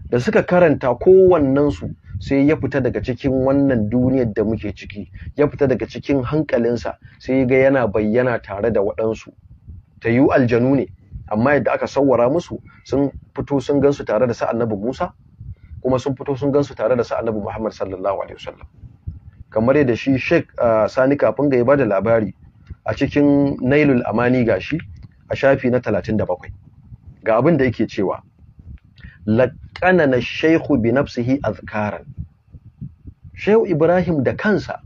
da suka karanta kowannensu sai ya fita daga cikin wannan duniyar da muke ciki ya fita daga cikin hankalinsa sai ga yana bayyana tare da waɗansu ta yiwu aljanu ne amma yadda aka sawwara musu sun fito sun gansu tare da annabi Musa kuma sun fito sun gansu tare da annabi Muhammad sallallahu alaihi wasallam kamar yadda shi Sheikh ah, Sani kafin ga ba da labari a cikin Nailul Amani gashi a shafi na talatin da 37 ga abin da yake cewa na shaykhu bi nafsihi azkaran shehu ibrahim da kansa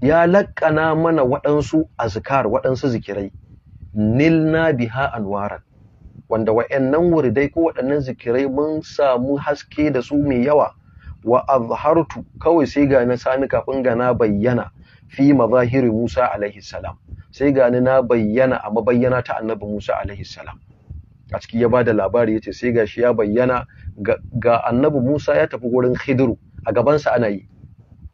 ya laqana mana waɗansu azkar waɗansu zikirai nilna biha anwaran wanda wa'annan wuridai ko waɗannan zikirai mun samu haske da su mai yawa wa azhartu kawai sai ga na sani kafin ga na bayyana fi mazahiri Musa alaihi salam sai ga na bayyana a mabayyana ta annabi Musa alaihi salam a ciki ya ba da labari ya ce sai gashi ya bayyana ga annabi Musa ya tafi gurin Khidru a gabansa ana yi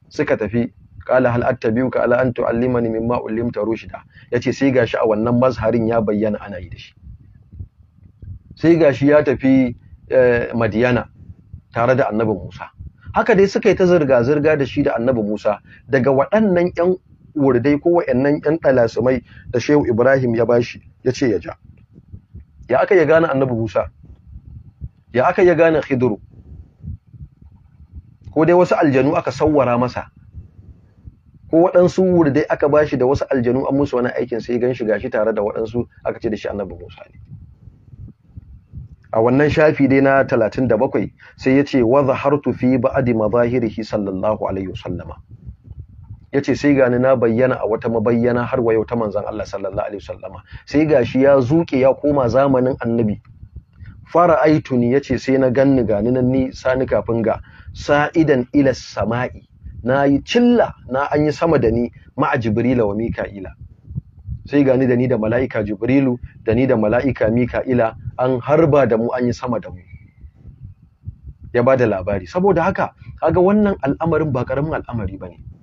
suka tafi qala hal ka ala antu allimani mimma ullimta ya yace sai gashi a wannan mazharin ya bayyana ana yi da shi sai gashi ya tafi eh, Madiyana tare da annabi Musa haka dai suka yi ta zirga zirga da shi da annabi Musa daga waɗannan ƴan wurdai ko waɗannan ƴan talasumai da Shehu Ibrahim ya bashi yace ya ja ya aka ya gane annabi Musa ya aka ya gane Khidru ko dai wasu aljanu aka sawwara masa ko waɗansu dai aka bashi da wasu aljanu an musu wani aikin sai gan shi gashi tare da waɗansu aka ce da shi annabi Musa ne a wannan shafi dai na 37 sai yace wa zahartu fi ba'di madahirihi sallallahu alaihi wasallama yace sai gani na bayyana a wata mabayyana har wa yau ta manzon Allah sallallahu alaihi wasallama sai gashi ya zuke ya koma zamanin annabi fara aituni yace sai na ganni gani nan ni sani kafin ga sa'idan ila sama'i na yi cilla na an yi sama da ni ma'a jibrila wa mika'ila sai gani da ni da mala'ika jibrilu da ni da mala'ika mika'ila an harba da mu an yi sama da mu ya ba da labari saboda haka kaga wannan al'amarin ba karamin al'amari bane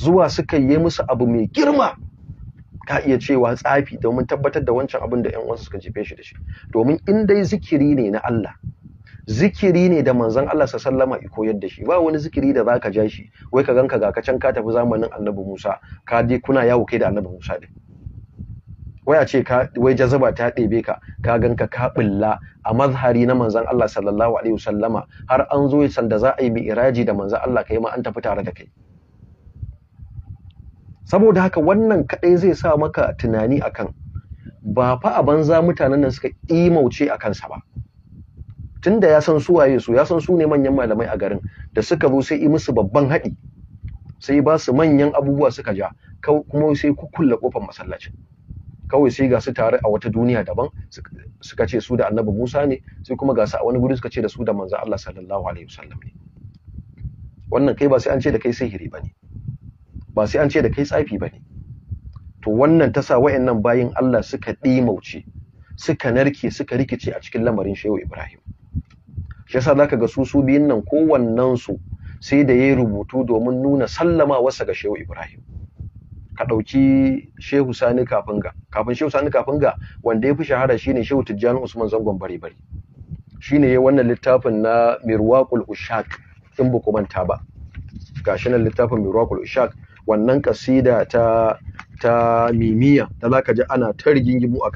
zuwa suka yi musu abu mai girma ka iya cewa tsafi domin tabbatar da wancan abin da ƴan uwansu suka jefe shi da shi domin in dai zikiri ne na Allah zikiri ne da manzon Allah sallama i koyar da shi ba wani zikiri da zaka ja shi wai ka ganka ga ka can ka tafi zamanin Annabi Musa ka je kuna yawo kai da Annabi Musa din wai a ce ka wai jazaba ta ɗebe ka ka ganka ka bulla a mazhari na manzon Allah sallallahu alaihi wasallama har an zo sanda za a yi bi'iraji da manzon Allah kai ma an tafi tare da kai saboda haka wannan kaɗai zai sa maka tunani akan ba fa a banza mutanen nan suka imauce a kansa ba tunda ya san su waye su ya san su ne manyan malamai a garin da suka zo sai yi musu babban haɗi sai ba su manyan abubuwa suka ja kuma sai kukulla kofar masallacin kawai sai ga su tare a wata duniya daban suka ce su da annabi Musa ne sai kuma ga su a wani guri suka ce da su da manzo Allah sallallahu alaihi wasallam ne wannan kai ba sai an ce da kai sihiri bane ba sai an ce da kai tsafi ba ne to wannan ta sa bayin Allah suka ɗimauce suka narke suka rikice a cikin lamarin shehu ibrahim shi yasa zaka ga su su biyun nan kowannen su sai da yayi rubutu domin nuna sallama wasa ga shehu ibrahim ka ɗauki shehu sani kafin ga kafin shehu sani kafin wanda ya fi shahara shine shehu tijjani usman zangon bari bari shine yayi wannan littafin na mirwaqul ushaq in ba manta ba gashi nan littafin mirwaqul ushaq wannan kasida ta ta mimiya da zaka ji ana ta rigingimu kanta.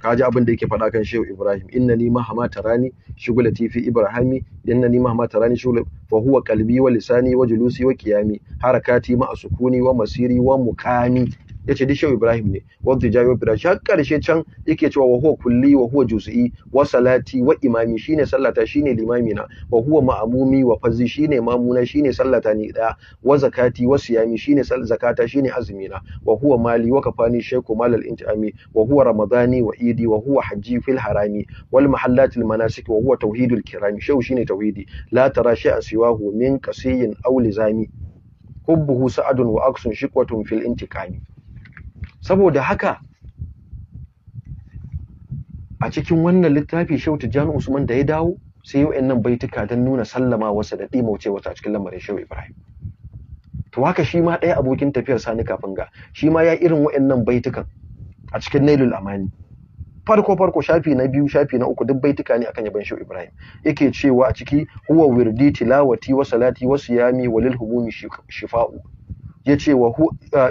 kanta kaji abin da yake faɗa kan Shehu Ibrahim innani mahama tarani shugulati fi ibrahimi innani mahama tarani shugul fa huwa kalbi wa lisani wa julusi wa kiyami harakati ma sukuni wa masiri wa mukami. ya ce shehu ibrahim ne wa tijawi wa firashi har karshe can yake cewa wa huwa kulli wa huwa juz'i wa salati wa imami shine sallata shine limami na wa huwa ma'amumi wa fazi shine mamuna shine sallata ni da wa zakati wa siyami shine zakata shine azumi na wa huwa mali wa kafani sheku malal intami wa huwa ramadani wa idi wa huwa hajji fil harami wal mahallatil manasik wa huwa tauhidul kirami shau shine tauhidi la tara shay'an siwahu min qasiyin aw lizami hubbuhu sa'adun wa aksun shiqwatun fil intikami saboda haka a cikin wannan littafi Shehu Tijjani Usman da ya dawo sai yau nan baituka don nuna sallama wasu da ɗimauce wasu a cikin lamarin Shehu Ibrahim to haka shi ma ɗaya abokin tafiyar Sani kafin ga shi ma ya irin wayannan baitukan a cikin Nailul Amani farko farko shafi na biyu shafi na uku duk baituka ne akan yaban Shehu Ibrahim yake cewa a ciki huwa wirdi tilawati wa salati wa siyami walil humumi shifa'u ya ce wa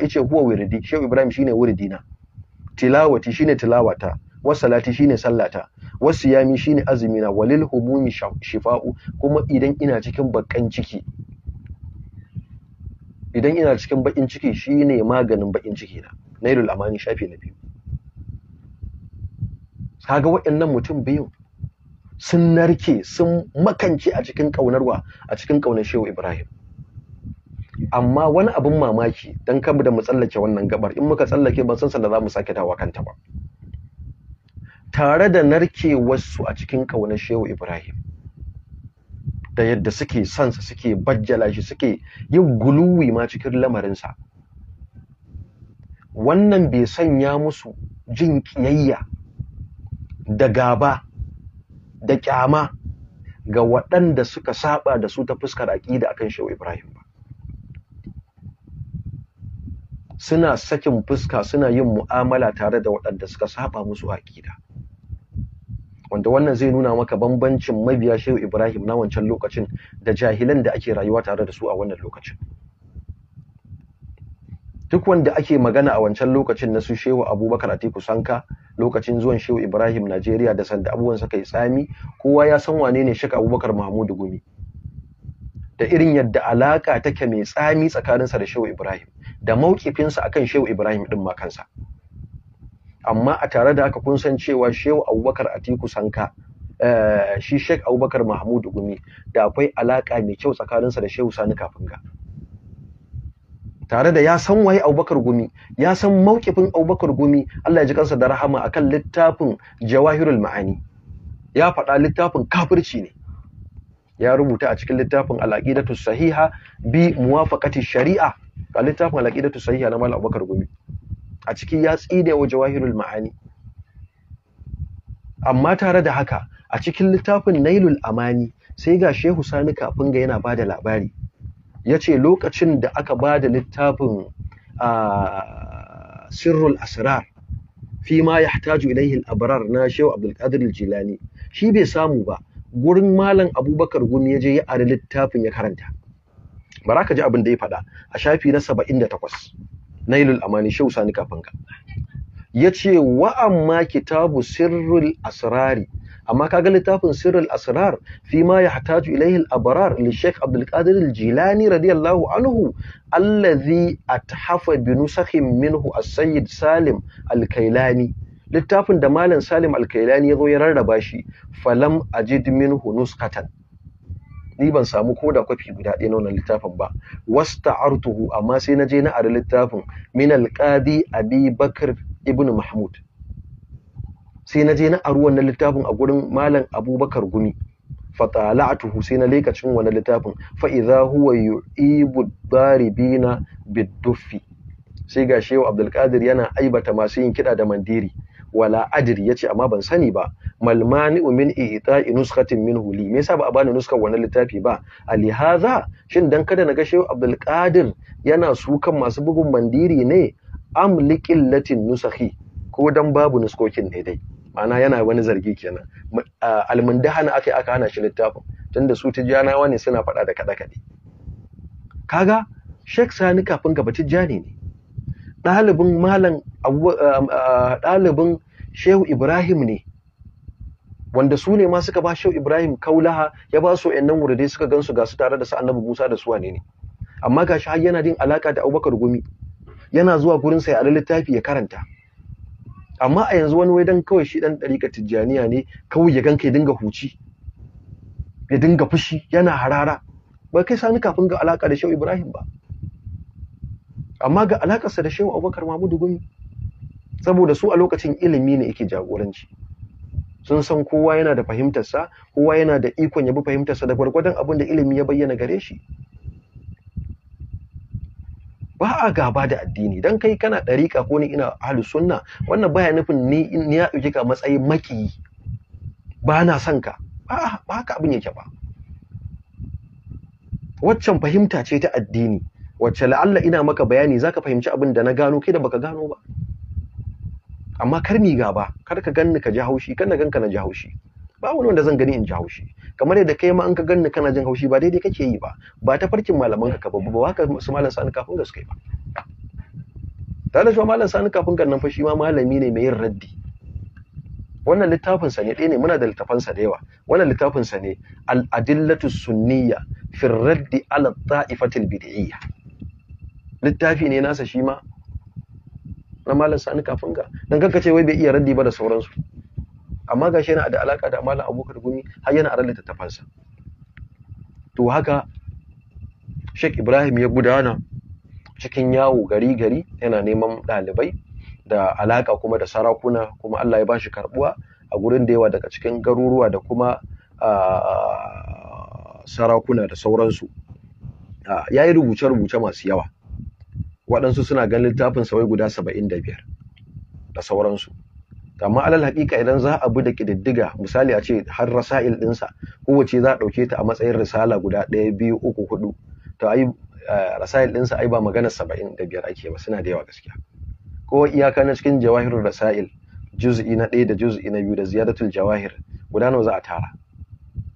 yace huwa wirdi shehu ibrahim shine na tilawati shine tilawata wa salati shine sallata wa siyami shine na walil humumi shifa'u kuma idan ina cikin bakan ciki idan ina cikin bakin ciki shine maganin bakin ciki na nailul amani shafi na biyu kaga waɗannan mutum biyu sun narke sun makance a cikin kaunarwa a cikin kaunar shehu ibrahim amma wani abin mamaki don kamu da mu tsallake wannan gabar in muka tsallake ban san sanda za mu sake dawo kanta ba tare da narkewarsu a cikin ƙaunar shehu ibrahim da yadda suke sansa suke bajjala shi suke yin guluwi ma cikin lamarinsa wannan bai sanya musu jin ƙiyayya da gaba da ƙyama ga waɗanda suka saba da su ta fuskar aƙida akan shehu ibrahim ba suna sakin fuska suna yin mu'amala tare da waɗanda suka saba musu aƙida wanda wannan zai nuna maka bambancin mabiya shehu ibrahim na wancan lokacin da jahilan da ake rayuwa tare da su a wannan lokacin duk wanda ake magana a wancan lokacin na su shehu abubakar atiku sanka lokacin zuwan shehu ibrahim najeriya da sanda abubuwan suka yi tsami kowa ya san wane ne shek abubakar mahmudu gumi da irin yadda alaka take mai tsami tsakaninsa da shehu ibrahim da maukifinsa akan shehu ibrahim ɗin ma kansa amma a tare da haka kun san cewa shehu abubakar atiku sanka eh, shi sheikh abubakar mahmudu gumi da akwai alaka mai kyau tsakaninsa da shehu sani kafin tare da ya san waye abubakar gumi ya san mauƙifin abubakar gumi allah ya ji kansa da rahama akan littafin jawahirul ma'ani ya faɗa littafin kafirci ne ya rubuta a cikin littafin al'aqidatu sahiha bi muwafaqati shari'a a littafin alaqidatu sahiha na malam abubakar gumi a cikin ya tsida wa jawahirul ma'ani amma tare da haka a cikin littafin nailul amani sai ga shehu sani kafin ga yana bada labari ya ce lokacin da aka bada littafin sirrul asrar fi ma yahtaju ilaihi al-abrar na shehu abdulkadir jilani shi bai samu ba gurin malam abubakar gumi ya je ya ari littafin ya karanta bara ka ji abin da ya faɗa a shafi na 78 nailul amani shehu sani kafin ka yace wa amma kitabu sirrul asrari amma kaga littafin sirrul asrar fi ma yahtaju ilayhi al-abrar li Sheikh Abdul Qadir al-Jilani radiyallahu anhu allazi athafa bi nusakhin minhu as-Sayyid Salim al-Kailani littafin da Malam Salim al-Kailani yazo ya rarraba shi falam ajid minhu nuskatan ni ban samu ko da kwafi guda ɗaya na wannan littafin ba tuhu amma sai na je na ari littafin min alqadi abi bakr ibn mahmud sai na je na ari wannan littafin a gurin malam abubakar gumi fatala'atuhu sai na leka cikin wannan littafin fa idza huwa yu'ibu daribina Biddufi. sai ga shehu abdul qadir yana aibata masu yin kida da mandiri wala ajri yace amma ban sani ba Malmani umin min i'ta'i nuskatin minhu li me yasa ba a bani nuskar wannan littafi ba ali hadha shin dan kada na ga shehu abdul qadir yana sukan masu bugun mandiri ne am liqillatin nusahi ko dan babu nuskokin ne dai ma'ana yana wani zargi kenan almundahana akai aka hana shi littafin tunda su tijjanawa ne suna faɗa da kaɗe-kaɗe kaga shek Sani kafin gaba Tijjani ne ɗalibin malam eh, eh, ɗalibin shehu ibrahim ne wanda su ne ma suka ba shehu ibrahim kaulaha ya ba su wa'annan wurare suka gansu ga su tare da su annabi musa da su wane ne amma gashi har yana din alaka da abubakar gumi yana zuwa gurin sai a littafi ya karanta amma a yanzu wani wai dan kawai shi dan ɗariƙa tijjaniya ne kawai ya ganka ya dinga huci ya dinga fushi yana harara ba kai sani kafin ga alaka da shehu ibrahim ba amma ga alakarsa da shehu abubakar mahmudu gumi saboda su a lokacin ilimi ne yake jagoranci sun san kowa yana da fahimtarsa kowa yana da ikon ya bi fahimtarsa da gwargwadon abin da ilimi ya bayyana gare shi ba a gaba da addini dan kai kana ɗariƙa ko ni ina ahlus sunna wannan baya nufin ni ni ya ɗauke ka matsayin makiyi ba na son ka ba ba haka abin yake ba waccan fahimta ce ta addini wacce la'alla ina maka bayani zaka fahimci abin da na gano kai da baka gano ba amma kar ga gaba kar ka ganni ka ji haushi kar na ganka na ji haushi ba wani wanda zan gani in ji haushi kamar yadda kai ma an ka ganni kana jin haushi ba daidai kake yi ba ba ta farkin malaman ka ba ba haka su malam sani kafin ga su kai ba ta da shi malam sani kafin ga nan fa shi ma malami ne mai yin raddi wannan littafin sa ne ɗaya ne muna da littafin sa da yawa wannan littafin sa ne al-adillatu sunniyya fi raddi ala ta'ifatil bid'iyya littafi ne nasa shi ma na malam sani kafin ga don kanka ce wai bai iya raddi ba da sauransu amma ga shi yana da alaka da malam abokan gumi har yana aran littattafansa to haka Sheikh Ibrahim ya gudana cikin yawo gari gari yana neman ɗalibai da alaka kuma da sarakuna kuma Allah ya bashi karbuwa a gurin da yawa daga cikin garuruwa da kuma sarakuna da sauransu ya yi rubuce-rubuce masu yawa waɗansu suna ganin littafin sa guda saba'in da biyar da sauransu amma alal haƙiƙa idan za a bi da ƙididdiga misali a ce har rasa'il ɗinsa kowace za a ɗauke ta a matsayin risala guda ɗaya biyu uku hudu to ai eh, rasa'il ɗinsa ai ba magana saba'in da biyar ake ba suna da yawa gaskiya ko iyaka na cikin jawahir rasa'il juz'i na ɗaya da juz'i na biyu da ziyadatul jawahir guda nawa za a tara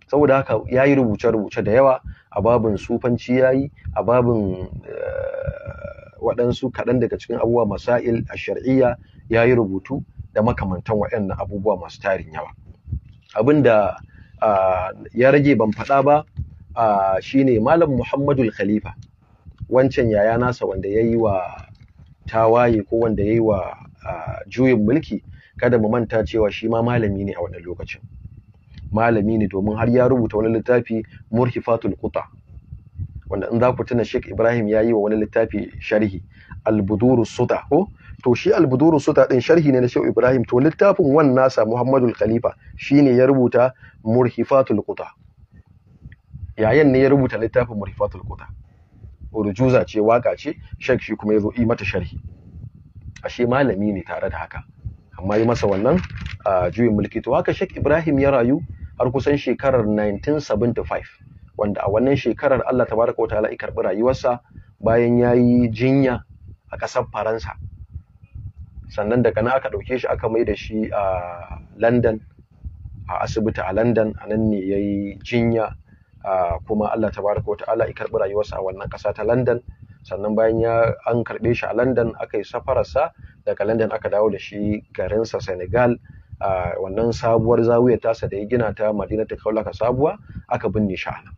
saboda haka ya yi rubuce-rubuce da yawa a babin sufanci ya yi, a babin eh, waɗansu kaɗan daga cikin abubuwa masail a shar'iyya ya yi rubutu da makamantan waɗannan abubuwa masu tarin yawa abin da ya rage ban faɗa ba shine malam muhammadu khalifa wancan yaya nasa wanda ya yi wa tawaye ko wanda ya yi wa juyin mulki kada mu manta cewa shi ma malami ne a wannan lokacin malami ne domin har ya rubuta wani littafi murhifatul quta wanda in za ku tuna Sheikh Ibrahim ya yi wa wani littafi sharhi Al-Buduru Suta ko to shi Al-Buduru Suta din sharhi ne na Sheikh Ibrahim to littafin wan nasa Muhammadul Khalifa shine ya rubuta Murhifatul Quta yayin ne ya rubuta littafin Murhifatul Quta urjuza ce waka ce Sheikh shi kuma yazo yi mata sharhi ashe malami ne tare da haka amma yi masa wannan juyin mulki to haka Sheikh Ibrahim ya rayu har kusan shekarar 1975 wanda a wannan shekarar Allah tabaraka wa ta'ala ya karbi rayuwarsa bayan yayi jinya a ƙasar Faransa sannan daga nan aka ɗauke shi aka mai da shi a London a asibiti a London a nan ne yayi jinya kuma Allah tabaraka wa ta'ala ya karbi rayuwarsa a wannan ƙasa ta London sannan bayan ya an karɓe shi a London aka yi safararsa daga London aka dawo da shi garinsa Senegal a wannan sabuwar zawiyar tasa da ya gina ta Madinatu Kaulaka sabuwa aka binne shi a nan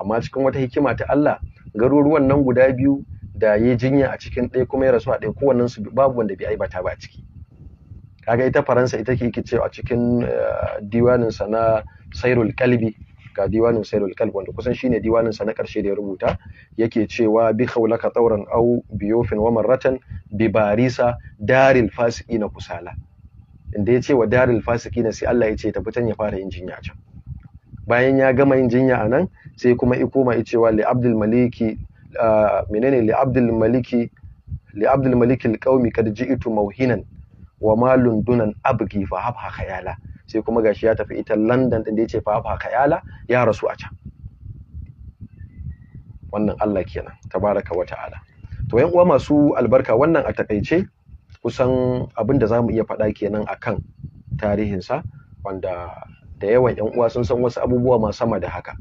amma cikin wata hikima ta Allah garuruwan nan guda biyu da ya jinya a cikin ɗaya kuma ya rasu a ɗaya kowannen su babu wanda bai aibata ba a ciki kaga ita faransa ita ke yake cewa a cikin eh, diwanin sa na sairul kalbi ga diwanin sairul kalbi wanda kusan shine diwanin sa na karshe da ya rubuta yake cewa bi khawlaka tauran au biyofin wa marratan bi barisa daril fasiqina na kusala inda ya ce wa daril fasiki na sai Allah ya ce ta fitan ya fara yin jinya can bayan ya gama yin jinya a nan sai kuma i koma i cewa li abdul maliki menene li abdul maliki li abdul maliki alqaumi kad ji'tu mauhinan wa ma dunan abgi fa habha khayala sai kuma gashi ya tafi ita london din da yace fa habha khayala ya rasu a can wannan Allah kenan tabaraka wa ta'ala to yan uwa masu albarka wannan a takaice kusan abin da zamu iya faɗa kenan akan tarihinsa wanda da yawan yan uwa sun san wasu abubuwa ma sama da haka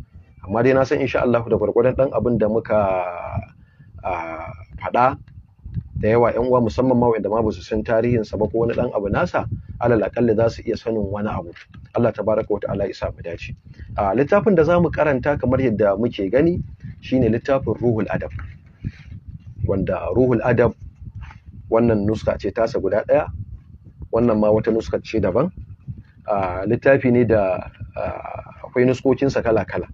amma dai na san insha Allah da gwargwadon dan abin da muka faɗa da yawa yan uwa musamman ma wanda ma ba su san tarihin sa ba ko wani dan abu nasa alal akalli za su iya sanin wani abu Allah ta wa ta'ala ya sa mu dace a littafin da za mu karanta kamar yadda muke gani shine littafin Ruhul Adab wanda Ruhul Adab wannan nuska ce tasa guda ɗaya wannan ma wata nuska ce daban littafi ne da akwai nuskokinsa kala-kala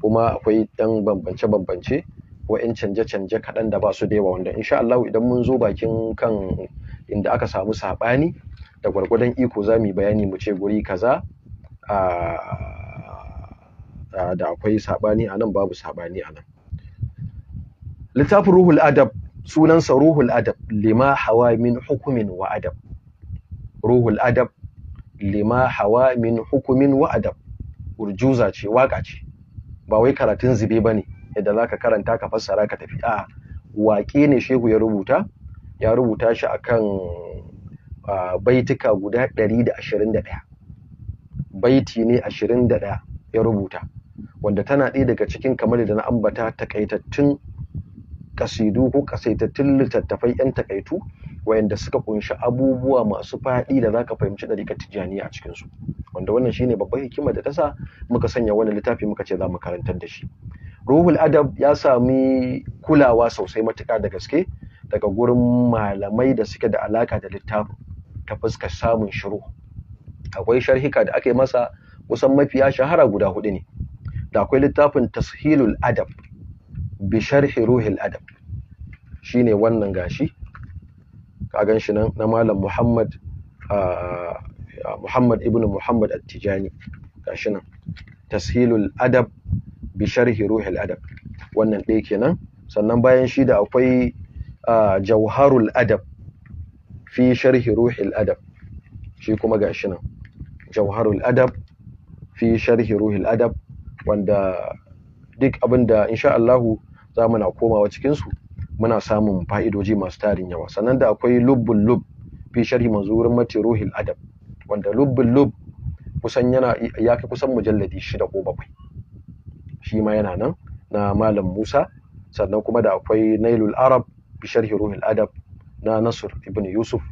kuma akwai dan bambance-bambance wa'in canje-canje kaɗan da ba su da yawa wanda insha Allah idan mun zo bakin kan inda aka samu saɓani da gwargwadon iko za mu yi bayani mu ce guri kaza da akwai saɓani a nan babu saɓani a nan littafin ruhul adab sunansa ruhul adab lima hawa min hukumin wa adab ruhul adab lima hawa min hukumin wa adab urjuza ce waka ce ba wai karatun zube ba ne, yadda zaka karanta ka fassara ka tafi a waƙe ne shehu ya rubuta ya rubuta shi akan baituka guda 121 baiti ne 21 ya rubuta wanda tana ɗaya daga cikin kamar da na ambata takaitattun kasidu ko kasaitattun littattafai yan takaitu wayanda suka kunshi abubuwa masu faɗi da zaka fahimci ɗariƙar tijjani a cikin su wanda wannan shine babban hikimar da ta muka sanya wannan littafi muka ce za mu karantar da shi ruhul adab ya sami kulawa sosai matuƙa da gaske daga gurin malamai da suke da alaƙa da littafin ta fuskar samun shiru akwai sharhika da aka yi masa kusan mafiya shahara guda hudu ne da akwai littafin tashilul adab bi sharhi ruhil adab shine wannan gashi kagan shi nan na malam Muhammad Muhammad ibn Muhammad At-Tijani gashi nan tashilul adab bi sharhi ruhil adab wannan ɗaya kenan sannan bayan shi da akwai jauharul adab fi sharhi ruhil adab shi kuma gashi nan jawharul adab fi sharhi ruhil adab wanda duk abinda insha Allahu za muna komawa cikinsu muna samun fa'idoji masu tarin yawa sannan da akwai lubbun lub fi sharhi wurin mace ruhil adab wanda lubbun lub kusan yana ya fi kusan mujalladi shida ko bakwai shi ma yana nan na malam musa sannan kuma da akwai nailul arab fi sharhi ruhil adab na nasur ibn yusuf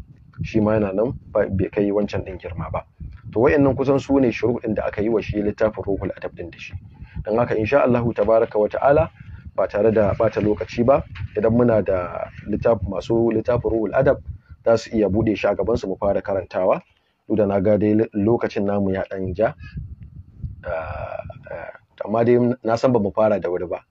shi ma yana nan bai kai wancan ɗin girma ba to waannan kusan su ne ɗin da aka yi wa shi littafin ruhul adab ɗin da shi don haka insha Allah tabaraka wa ta'ala ba tare da bata lokaci ba idan muna da littafi masu littafin ruhul adab za su iya buɗe shi a gaban su mu fara karantawa duk da na ga dai lokacin namu ya ɗan ja eh, eh, amma dai na san ba mu fara da wuri ba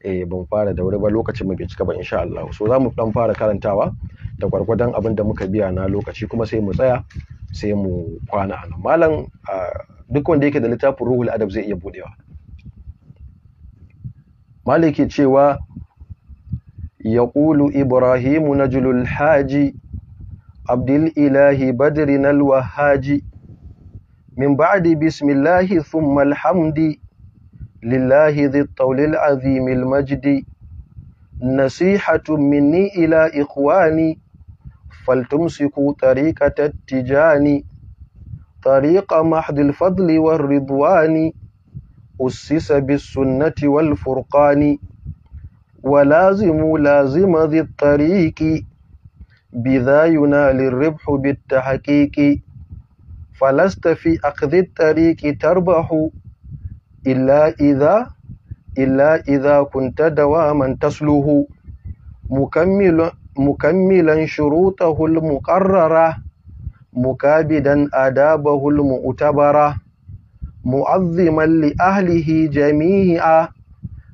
eh ba mu fara da wuri ba lokacin mu bai cika ba insha Allah so za mu dan fara karantawa da gwargwadon abin da muka biya na lokaci kuma sai mu tsaya sai mu kwana a nan malam ah, duk wanda yake da littafin ruhul adab zai iya buɗewa. maliki cewa yaqulu ibrahimu najlul haji abdul ilahi badrin al wahaji من بعد بسم الله ثم الحمد لله ذي الطول العظيم المجد نصيحة مني إلى إخواني فلتمسكوا طريقة التجاني طريق محض الفضل والرضوان أسس بالسنة والفرقان ولازم لازم ذي الطريق بذا ينال الربح بالتحقيق فلست في أخذ الطريق تربح إلا إذا إلا إذا كنت دواما تسله مكمل مكملا شروطه المقررة مكابدا آدابه المؤتبره معظما لأهله جميعا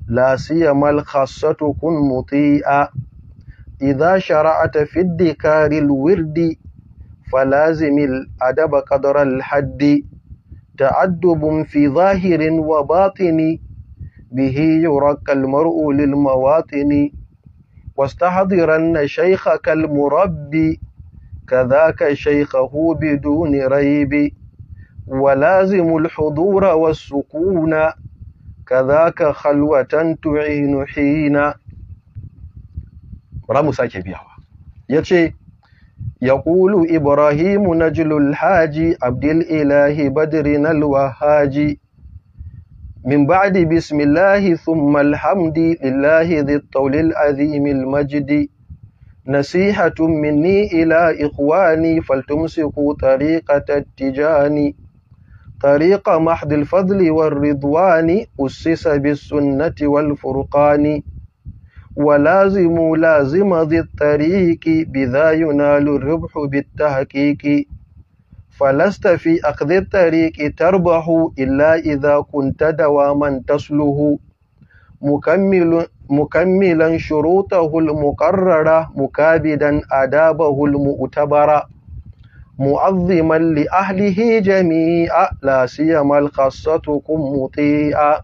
لا سيما الخاصة كن مطيئا إذا شرعت في الدكار الورد فلازم الأدب قدر الحد تأدب في ظاهر وباطن به يرقى المرء للمواطن واستحضرن شيخك المربي كذاك شيخه بدون ريب ولازم الحضور والسكون كذاك خلوة تعين حين ramu sake biyawa yace yaqulu ibrahimu NajlulHaji haji abdul ilahi badrin al min ba'di bismillahi thumma alhamdi lillahi dhit tawlil azim al majdi nasihatun minni ila ikhwani faltumsiku tariqata tijani طريق محض الفضل والرضوان أسس بالسنة والفرقان ولازم لازم ذي الطريق بذا ينال الربح بالتحقيق فلست في أخذ الطريق تربح إلا إذا كنت دواما تسله مكمل مكملا شروطه المقررة مكابدا آدابه المؤتبرة مُعَظِّمًا لِأَهْلِهِ جَمِيعًا لَا سِيَّمَا الْخَاصَّةُ مُطِيعًا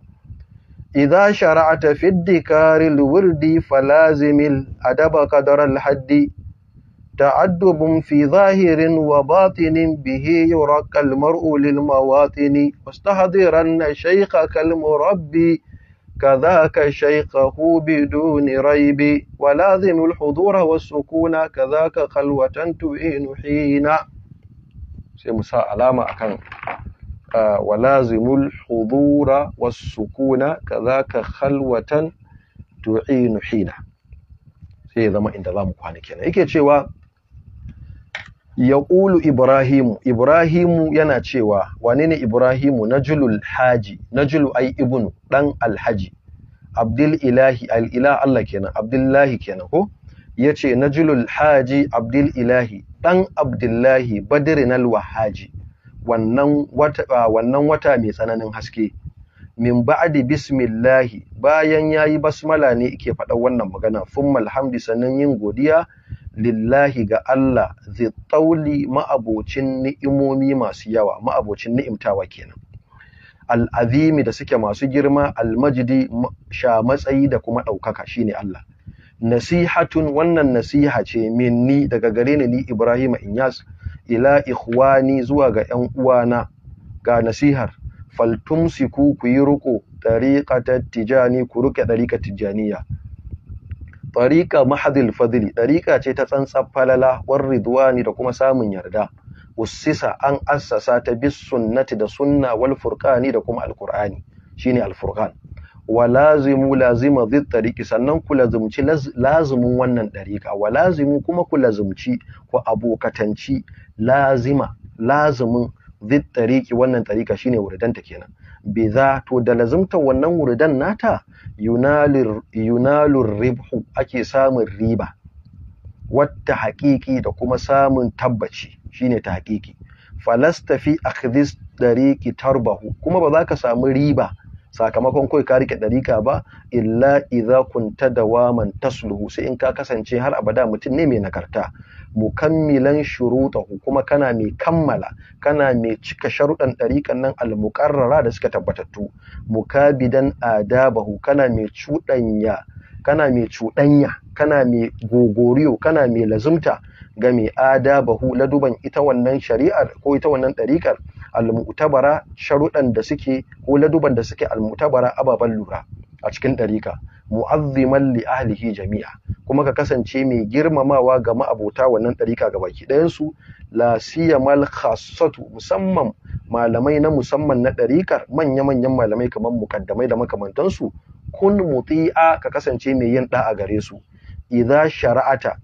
إذا شرعت في الدكار الورد فلازم الأدب قدر الحد تعدب في ظاهر وباطن به يرقى المرء للمواطن واستحضرن شيخك المربي كذاك شيخه بدون ريب ولازم الحضور والسكون كذاك خلوة تؤين حينا sai mu sa alama akan ah, walazimul hudura was-sukuna ka khalwatan tu'inu hina sai zama inda za zamu kwana kenan yake cewa yaqulu ibrahimu ibrahimu yana cewa wane ne ibrahimu julul haji najulu ai ibnu ɗan alhaji abdul kenan abdullahi kenan ko ya ce najilul haji abdul ilahi ɗan abdullahi badirin alwahaji wannan wata mai tsananin haske min ba'adi bismillahi bayan ya yi basmala ne ke faɗa wannan magana fun malhamdi sannan yin godiya lillahi ga Allah zai tauli ma'abocin ni'imomi masu yawa ma'abocin ni'imtawa kenan al'azimi da suke masu girma almajidi sha matsayi da kuma ɗaukaka shine Allah nasihatun wannan nasiha ce minni daga gare ni ni Ibrahim Inyas ila ikhwani zuwa ga ƴan uwana ga nasihar faltumsiku ku yi ruko tariqata tijani ku ruke tariqat tijaniya tariqa mahadil fadli tariqa ce ta tsantsan falala war ridwani da kuma samun yarda ussisa an assasa ta bis sunnati da sunna wal furqani da kuma alqur'ani shine alfurqan wa lazimu lazima zid tariqi sannan ku lazumci lazumin wannan dariqa wa lazimu kuma ku lazumci ku abokatanci lazima lazumin zid tariqi wannan tariqa shine wuridanta kenan bi za to da lazumta wannan wuridan nata yunalir yunalur ribhu ake samun riba wata haƙiƙi da kuma samun tabbaci shine ta haƙiƙi falastafi akhdhis tariqi tarbahu kuma ba za ka samu riba sakamakon kai ka rike ɗarika ba illa idza kunta dawaman tasluhu sai in ka kasance har abada mutum ne mai nakarta mukammilan shuruta kuma kana mai kammala kana mai cika sharuɗan ɗarikan nan almuqarrara da suka tabbatattu mukabidan adabahu kana mai cuɗanya kana mai cuɗanya kana mai gogoriyo kana mai lazumta ga mai adabahu laduban ita wannan shari'ar ko ita wannan ɗarikar. al-mu'tabara sharuɗan da suke ko laduban da suke al-mu'tabara ababan lura a cikin ɗarika mu'azziman li ahlihi jami'a kuma ka kasance mai girmamawa ga ma'abota wannan ɗarika ga baki ɗayansu la siyamal khassatu musamman malamai na musamman na ɗarikar manya-manyan malamai kamar mukaddamai da makamantansu kun muti'a ka kasance mai yin a gare su idza shara'ata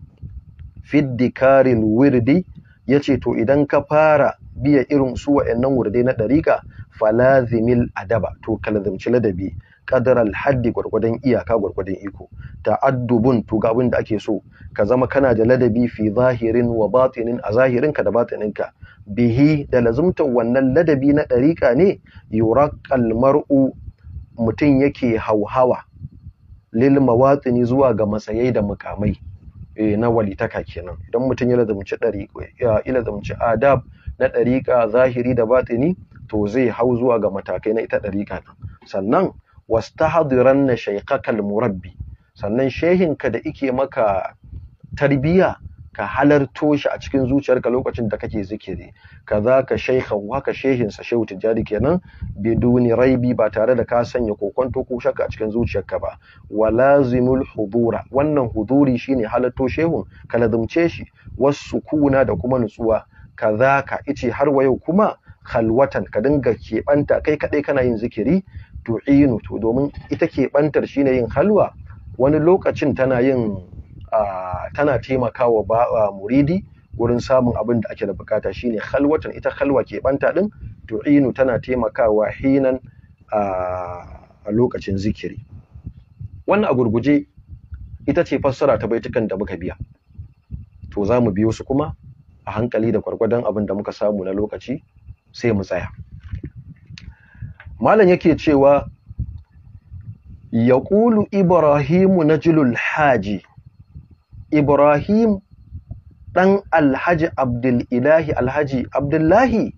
fi dikarin wirdi ya ce to idan ka fara biya irin su wa'annan wurdai na ɗariƙa falazimil adaba to kalazimci ladabi kadaral haddi gwargwadon iyaka gwargwadon iko ta'addubun to ga da ake so ka zama kana da ladabi fi zahirin wa batinin a zahirinka da batininka bihi da lazumta wannan ladabi na ɗarika ne yuraqal mar'u mutum yake hauhawa lil mawatini zuwa ga matsayai da mukamai Eh, na walitaka kenan idan mutum ya lazumci ya lazumci adab na ɗarika zahiri da batini to zai hau zuwa ga matakai na ita ɗarika ɗin sannan wastahdiran na shaykakal murabbi sannan shehinka da ike maka tarbiyya. ka halarto shi a cikin zuciyarka lokacin da kake zikiri kaza ka shaykhahu haka shehinsa shehu tijari kenan biduni raibi ba tare da ka sanya kokonto ko shakka a cikin zuciyarka ba walazimul hudura wannan huduri shine halarto shehun ka lazumce shi wasukuna da kuma nutsuwa kaza ka ice har wa yau kuma khalwatan ka dinga keɓanta kai kaɗai kana yin zikiri tu'inu to domin ita keɓantar shine yin halwa wani lokacin tana yin tana taimakawa ba muridi wurin samun abin da ake da bukata shine khalwatan ita halwa ke banta din tu'inu tana taimakawa hinan a lokacin zikiri wannan a gurguje ita ce fassara ta baitukan da muka biya to za mu biyo su kuma a hankali da gwargwadon abin da muka samu na lokaci sai mu tsaya malam yake cewa yaƙulu ibrahimu na julul haji Ibrahim ɗan Alhaji Abdulilahi Alhaji Abdullahi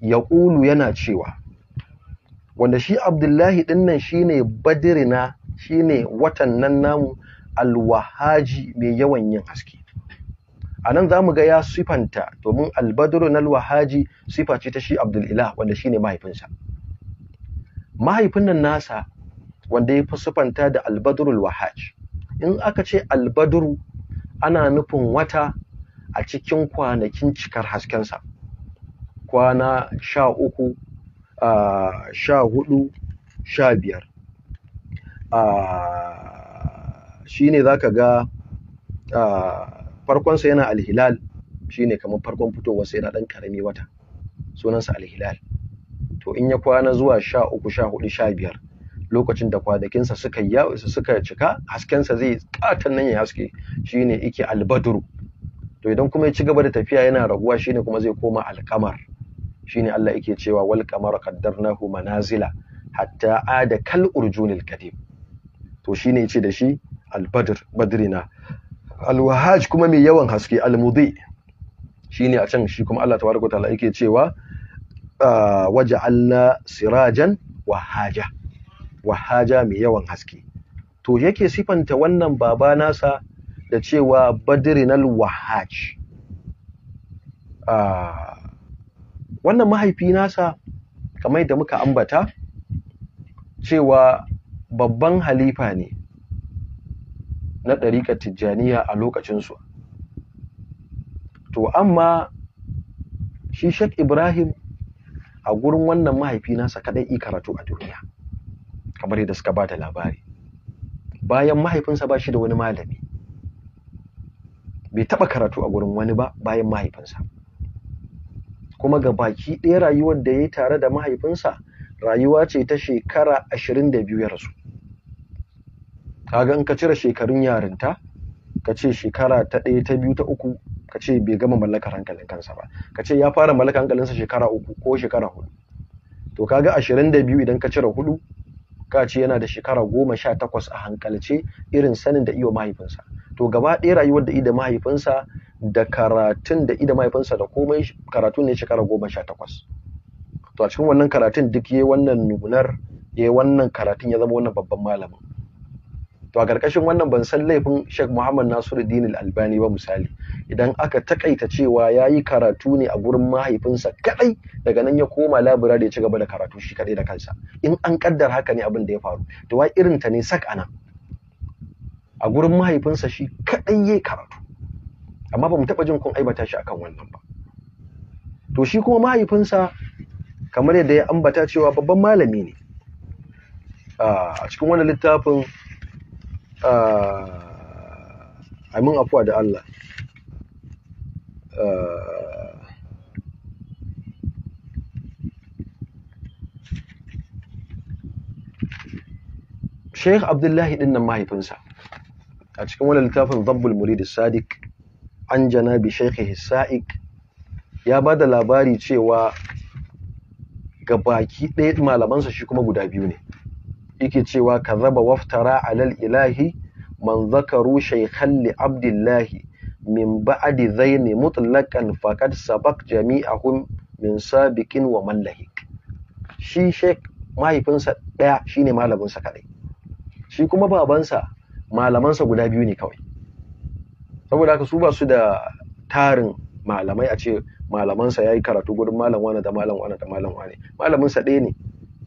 ya ƙulu yana cewa, wanda shi Abdullahi ɗin nan shi ne badirina shi ne watan nan namu alwahaji mai yawan yin haske. A nan za mu ga ya sifanta domin albadiru na alwahaji sifa ce ta shi Abdullahi, wanda shi ne mahaifinsa. Mahaifin nan nasa wanda ya fi sifanta da albadiru alwahaji. in aka ce albaduru ana nufin wata a cikin kwanakin cikar haskensa kwana sha uku sha hudu sha biyar shi ne za ka ga farkonsa yana alhilal shi ne kamar farkon sai yana ɗan karami wata sunansa alhilal to in ya kwana zuwa sha uku sha hudu sha biyar lokacin da kwanakinsa suka yawo suka cika haskensa zai katan nan ya haske shine yake albadru to idan kuma ya ci gaba da tafiya yana raguwa shine kuma zai koma alqamar shine Allah yake cewa wal qamara qaddarnahu manazila hatta ada kal urjunil kadim to shine yace da shi albadr badrina al kuma mai yawan haske al Shi shine a can shi kuma Allah tabaraka taala yake cewa ah, waja'alna sirajan wahaja wahaja mai yawan haske to yake sifanta wannan baba nasa da cewa badrinal wahaj ah, wannan mahaifi nasa kamar da muka ambata cewa babban halifa ne na ɗariƙar tijjaniya a lokacinsu to amma shi shek ibrahim a gurin wannan mahaifi nasa kaɗai i karatu a duniya kamar yadda suka ba da labari bayan mahaifinsa ba shi da wani malami bai taɓa karatu a gurin wani ba bayan mahaifinsa kuma ga baki ɗaya rayuwar da ya yi tare da mahaifinsa rayuwa ce ta shekara ashirin da biyu ya rasu kaga in ka cire shekarun yarinta ka ce shekara ta ɗaya ta biyu ta uku ka ce bai gama mallakar hankalin kansa ba ka ce ya fara mallakar hankalinsa shekara uku ko shekara hudu to kaga ashirin da biyu idan ka cire hudu ka ce yana da shekara goma sha takwas a hankalce irin sanin da iyo mahaifinsa to gaba ɗaya rayuwar da ida mahaifinsa da karatun da ida mahaifinsa da komai karatu ne shekara goma sha takwas to a cikin wannan karatun duk yayi wannan nunar yayi wannan karatun ya zama wannan babban malamin to a ƙarƙashin wannan ban san laifin Sheikh Muhammad Nasiruddin Al-Albani ba misali idan aka takaita cewa yayi karatu ne a gurin mahaifinsa kadai daga nan ya koma library ya ci gaba da karatu shi kadai da kansa in an kaddar haka ne abin da ya faru to wai irin ta ne sak anan a gurin mahaifinsa shi kadai yayi karatu amma ba mu taba jin kun aibata shi akan wannan ba to shi kuma mahaifinsa kamar yadda ya ambata cewa babban malami ne a cikin wannan littafin a ah, min afuwa da Allah ah, Sheikh Abdullahi din nan mahaifinsa a cikin wani littafin zambul Murid Sadiq an janabi Sheikh Sa'iq ya ba da labari cewa ga baki ɗaya malamansa shi kuma guda biyu ne yake cewa ka raba waftara alal ilahi man zakaru shaykhan li abdillahi min ba'di zaini mutlaqan faqad sabaq jami'ahum min sabiqin wa mallahik shi Sheikh mahaifinsa daya shine malamin sa kadai shi kuma babansa malamansa guda biyu ne kawai saboda haka su ba su da tarin malamai a ce malamansa ya yi karatu gurin malam wani da malam wani da malam wane malaminsa ɗaya ne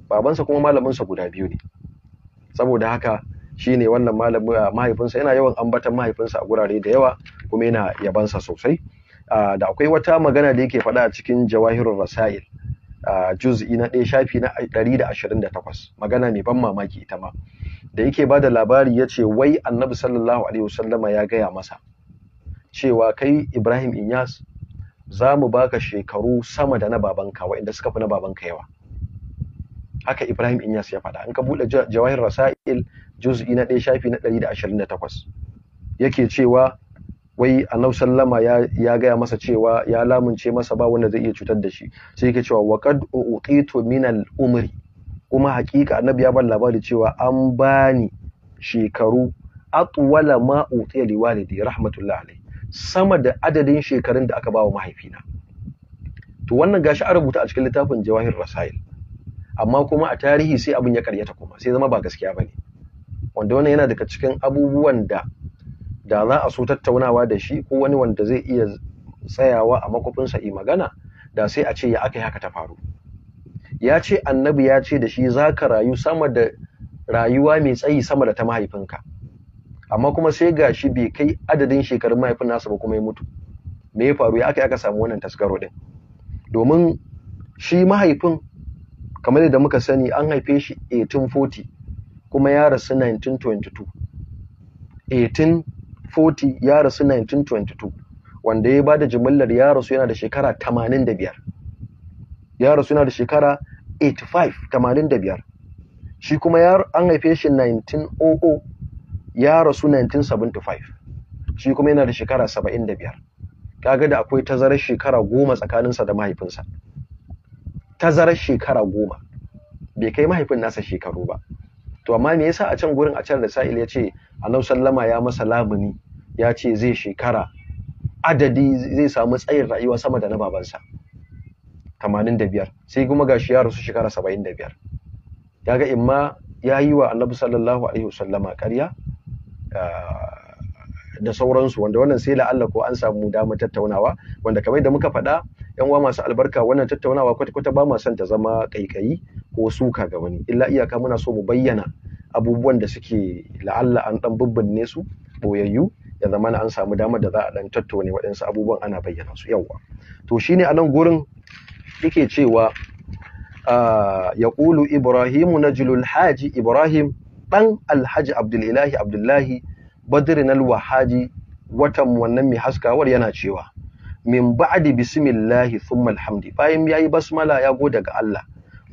babansa kuma malaminsa guda biyu ne saboda haka shi ne wannan malamin uh, mahaifinsa yana yawan ambatan mahaifinsa a gurare da yawa kuma yana yabansa sosai uh, da akwai wata magana da yake faɗa a cikin jawahirul rasail uh, juz'i na ɗaya shafi na ɗari da 128 magana mai ban mamaki ita ma da yake ba da labari ya ce wai annabi sallallahu alaihi wasallama ya gaya masa cewa kai ibrahim inyas za mu baka shekaru sama da na babanka waɗanda suka fi na babanka yawa haka Ibrahim Inyas ya faɗa in ka bude Jawahir Rasail juz'i na 1 shafi na 128 yake cewa wai Annabi sallama ya ya gaya masa cewa ya lamunce masa ba wanda zai iya cutar da shi sai yake cewa waqad uqitu minal umri kuma haƙiƙa Annabi ya bar labari cewa an bani shekaru atwala ma li walidi rahmatullahi alayhi sama da adadin shekarun da aka ba wa mahaifina to wannan gashi a rubuta a cikin littafin Jawahir Rasail amma kuma a tarihi sai abin ya karyata kuma sai zama ba gaskiya ba ne. wanda wannan yana daga cikin abubuwan da da za a so tattaunawa da shi ko wani wanda zai iya tsayawa a makofinsa yi magana da sai a ce ya aka haka ta faru ya ce annabi ya ce da shi za ka rayu sama da rayuwa mai tsayi sama da ta mahaifinka amma kuma sai ga shi bai kai adadin shekarun mahaifin nasa ba kuma ya mutu me ya faru ya aka aka samu wannan tasgaro din domin shi mahaifin kamar yadda muka sani an haife shi 1840 kuma ya rasu 1922 1840 ya rasu 1922 wanda ya bada jimillar ya rasu yana da shekara 85 ya rasu yana da shekara 85 85 shi kuma an haife shi 1900 ya rasu 1975 shi kuma yana da shekara 75 kaga da akwai tazarar shekara goma tsakaninsa da mahaifinsa tazarar shekara goma bai kai mahaifin nasa shekaru ba to amma me yasa a can gurin a can sail ya ce annabi sallama ya masa lamuni ya ce zai shekara adadi zai samu tsayin rayuwa sama da na babansa 85 sai kuma gashi ya rasu shekara 75 kaga imma ya yi wa annabi sallallahu alaihi wasallama ƙarya ah, da sauransu wanda wannan sai la'alla ko an samu damar tattaunawa wanda kamar da muka faɗa yan uwa masu albarka wannan tattaunawa kwata-kwata ba ma son ta zama kaikayi ko suka ga wani illa iyaka muna so mu bayyana abubuwan da suke la'alla an dan bubbunne su boyayyu ya zama an samu damar da za a dan tattaune waɗansu abubuwan ana bayyana su yawa to shine a nan gurin yake cewa ah, ya ƙulu ibrahimu na haji ibrahim ɗan alhaji abdullahi abdullahi badirin alwahaji watan wannan mai haskawar yana cewa min ba'di bismillahi thumma alhamdi bayan yayi basmala ya gode ga Allah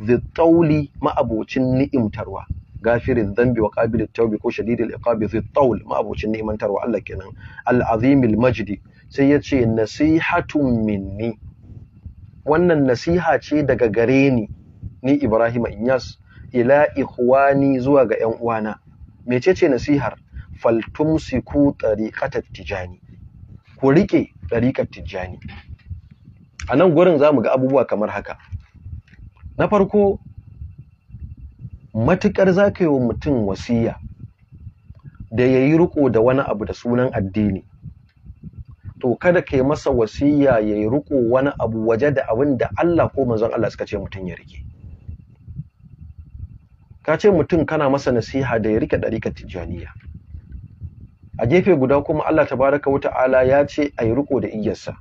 zittauli ma'abocin ni'imtarwa gafirin dhanbi wa qabilut tawbi ko shadidil iqabi zittaul ma'abocin ni'imtarwa Allah kenan al majdi sai yace nasihatun minni wannan nasiha ce daga gare ni ni Ibrahim Inyas ila ikhwani zuwa ga ƴan uwana mecece nasihar faltumsiku tariqatat tijani ku riƙe ɗariƙar tijjani a nan gurin za mu ga abubuwa kamar haka na farko matuƙar za ka wa mutum wasiya da ya yi riƙo da wani abu da sunan addini to kada kai masa wasiya ya yi riƙo wani abu waje da abinda Allah ko manzon Allah suka ce mutum ya rike ka ce mutum kana masa nasiha da ya rike ɗarikar tijjaniya a gefe guda kuma Allah tabaraka wa ta'ala ya ce a yi riko da igiyarsa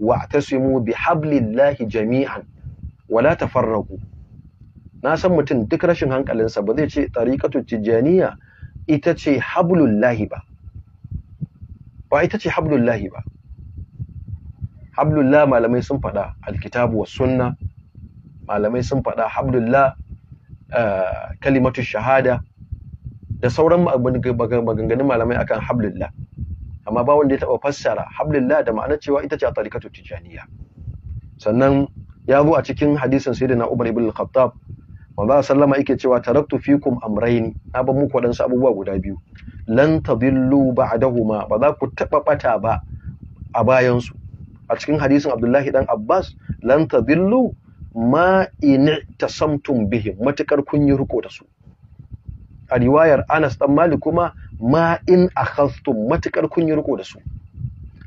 wa tasimu bi hablillahi jami'an wala tafarraqu na san mutum duk rashin hankalinsa ba zai ce tariqatu tijaniya ita ce hablullahi ba ba ita ce hablullahi ba Hablullahi malamai sun faɗa alkitabu was sunna malamai sun faɗa Hablullahi eh, kalimatu shahada da sauran maganganun malamai akan hablillah amma ba wanda ya taba fassara hablillah da ma'ana cewa ita ce a tarikatu tijaniya sannan ya zo a cikin hadisin sayyidina Umar ibn al-Khattab manzo sallama yake cewa taraktu fikum amrayni na ban muku wadansu abubuwa guda biyu lan tadillu ba'dahuma ba za ku taba bata ba a bayan su a cikin hadisin Abdullahi dan Abbas lan tadillu ma in tasamtum bihi matakar kun yi riko da su a riwayar Anas dan Malik kuma ma in akhastu matakar kun yi riko da su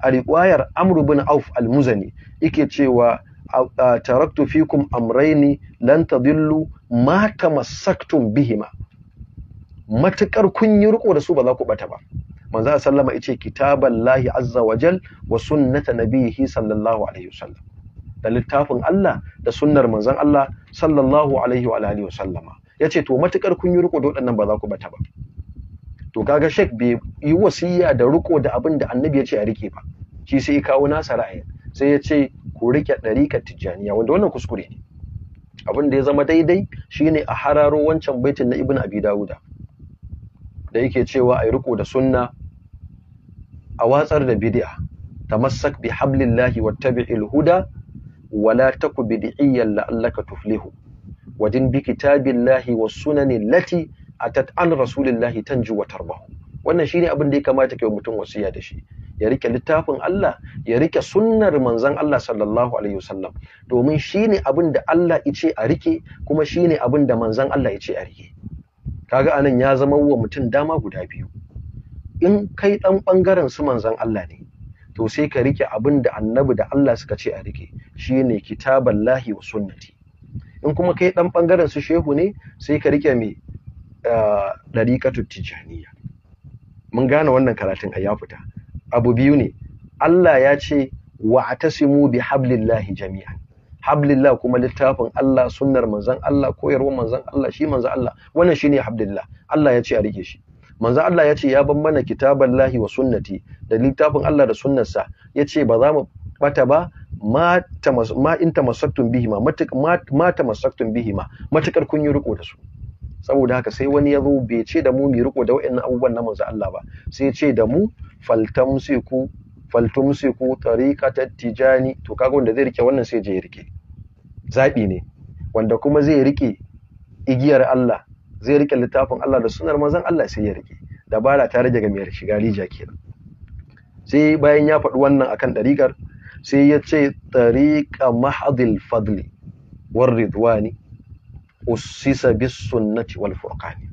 a riwayar Amr bin Auf al-Muzani yake cewa taraktu fikum amraini lan tadillu ma tamassaktum bihima matakar kun yi riko da su ba za ku bata ba manzo sallama yace kitaballahi azza wa jal wa sunnata nabihi sallallahu alaihi wasallam da littafin Allah da sunnar manzon Allah sallallahu alaihi wa alihi wasallama Ya ce to matukar kun yi riƙo da waɗannan ba za ku bata ba to kaga shek bai yi wasiya da riko da abin da annabi ya ce a rike ba shi sai ya kawo nasa ra'ayin sai ya ce ku riƙe ɗarika tijjaniya wanda wannan kuskure ne abin da ya zama daidai shine a hararo wancan baitin na ibn abi dawuda da yake cewa a yi riko da sunna a watsar da bid'a tamassak bi hablillahi wattabi'il huda wala taku bid'iyyan la'allaka tuflihu wadin bi lahi wa sunanin lati rasulun an tan ji wa ba wannan shi ne abin da ya kamata kai mutum wasiya da shi ya rike littafin Allah ya rike sunnar manzon Allah sallallahu alaihi wasallam domin ne abin da Allah yace a rike kuma shi ne abin da manzon Allah yace a rike kaga anan ya zama wa mutum dama guda biyu in kai ɗan ɓangaren su manzon Allah ne to sai ka rike abin da annabi da Allah suka ce a rike shine kitaballahi wa sunnati in kuma kai ɗan bangaren su shehu ne sai ka rike mai dariqatu tijaniya mun gane wannan karatun a ya fita abu biyu ne Allah ya ce tasimu bi hablillahi jami'an hablillah kuma littafin Allah sunnar manzon Allah koyarwar manzon Allah shi manzan Allah wannan shine hablillah Allah ya ce a rike shi manzo Allah ya ce ya ban mana kitaban lahi wa sunnati da littafin Allah da sunnarsa ya ce ba za mu bata ba ma ma in tamassaktum bihima ma tamassaktum bihima matuƙar kun yi riko da su saboda haka sai wani ya zo bai ce da mu mu riko da wa'annan abubuwan na manzo Allah ba sai ce da mu faltamsiku faltumsiku tariqatat tijani to kaga wanda zai rike wannan sai je ya rike zabi ne wanda kuma zai rike igiyar Allah zai rike littafin Allah da sunar manzon Allah sai ya rike dabara ta rage ga mai shiga rija kenan sai bayan ya faɗi wannan akan dariƙar sai ya ce tariqa mahadil fadli war ridwani ussisa bis sunnati wal furqani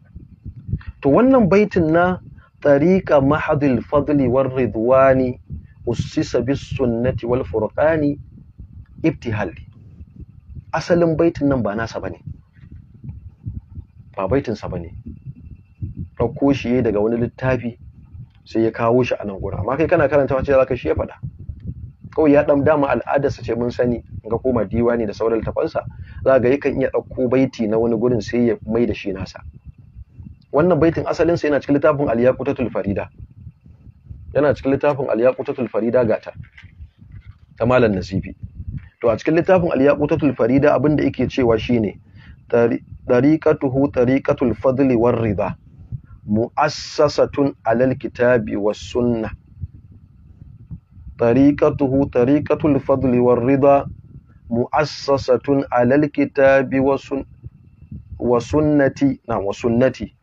to wannan baitin na tariqa mahadil fadli war ridwani ussisa bis sunnati wal furqani ibtihali asalin baitin nan ba nasa bane ba baitinsa bane ɗauko shi daga wani littafi sai ya kawo shi a nan gurin amma kai kana karanta wace zaka shi ya faɗa kawai ya dan dama al'adarsa ce mun sani ga koma diwa ne da sauran tafansa za ga yakan iya ɗauko baiti na wani gurin sai ya mai da shi nasa wannan baitin asalinsa yana cikin littafin al-yaqutatul farida yana cikin littafin al farida gata ta malam nasibi to a cikin littafin al-yaqutatul farida da yake cewa shine tariqatuhu tariqatul fadli war rida mu'assasatun alal kitabi was sunnah طريقته طريقة الفضل والرضا مؤسسة على الكتاب وسن وسنة نعم وسنتي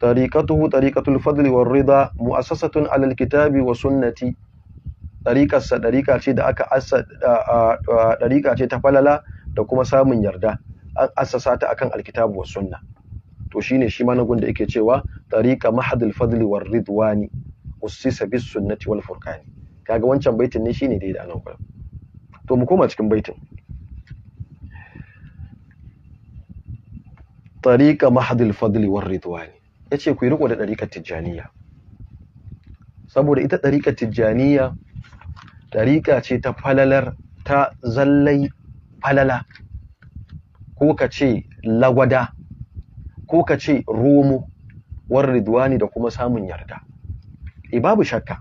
طريقته طريقة الفضل والرضا مؤسسة على الكتاب وسنتي ɗariƙarsa ɗariƙa ce da ta falala da kuma samun yarda an assasa ta akan alkitabu wa sunna to shine shi ma da yake cewa ɗariƙa mahadul fadli war ridwani ussisa bis sunnati wal furqani kaga wancan baitin ne shine dai da anan gurin to mu koma cikin baitin tariqa mahdil fadli war ridwani yace kuyi riko da ɗarika Tijjaniya. saboda ita ɗarika Tijjaniya, tariqa ce ta falalar ta zallai falala ko kace lagwada ko kace romo war ridwani da kuma samun yarda e babu shakka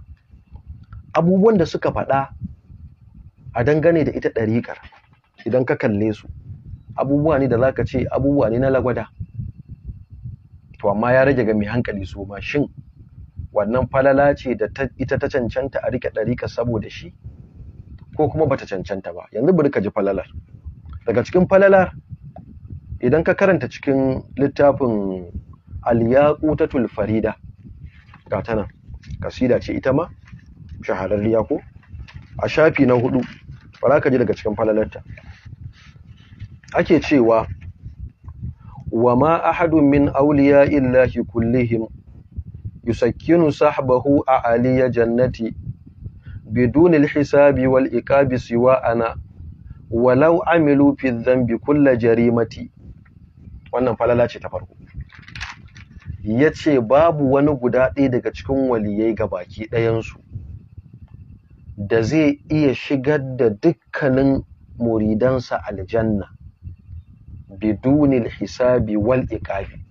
abubuwan da suka faɗa a dangane da ita ɗariƙar idan ka kalle su abubuwa ne da za ka ce abubuwa ne na lagwada to amma ya rage ga mai hankali su ma shin wannan falala ce da ita ta cancanta a rike ɗariƙa saboda shi ko kuma bata cancanta ba yanzu bari ka ji falalar daga cikin falalar idan ka karanta cikin littafin aliyaƙu ta tulfarida, ga ta nan kasida ce ita ma shahararriya ko a shafi na hudu ba ka ji daga cikin falalarta ake cewa wa ma ahadun min auliya illahi kullihim yusakkinu sahbahu a aliyar jannati بدون الحساب والإقاب سواءنا ولو عملوا في kulla كل jarimati. wannan falala ce ta farko yace babu wani guda ɗaya daga cikin waliyai ga baki ɗayansu da zai iya shigar da dukkanin muridansa aljanna bidunil hisabi wal iqabi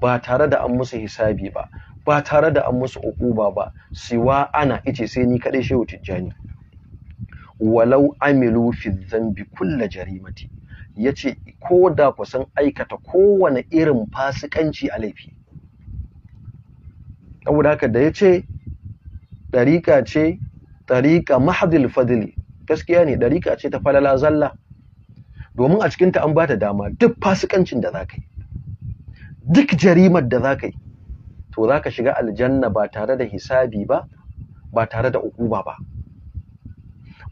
ba tare da an musu hisabi ba ba tare da an musu uquba ba siwa ana ice sai ni kadai shehu tijjani walau amilu fi dhanbi kulli jarimati yace ko da ku san aikata kowane irin fasikanci a laifi saboda haka da yace dariƙa ce tariqa mahdil fadli gaskiya ne ɗarika ce ta falala zalla domin a cikinta an bata dama duk fasikancin da zaka yi duk jarimar da zaka yi to zaka shiga aljanna ba tare da hisabi ba ba tare da ukuba ba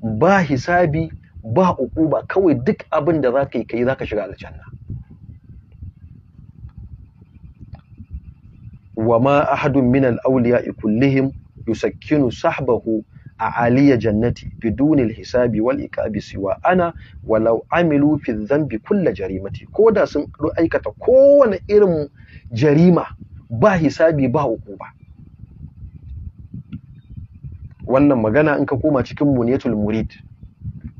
ba hisabi ba ukuba kawai duk abin da zaka yi kai zaka shiga aljanna wa ma ahadun min al-awliya kullihim yusakkinu sahbahu a aliyya jannati bidunil hisabi wal iqabi siwa ana walau amilu fi dhanbi kulla jarimati koda sun aikata kowane irin jarima ba hisabi ba ba. wannan magana in ka koma cikin muniyatul murid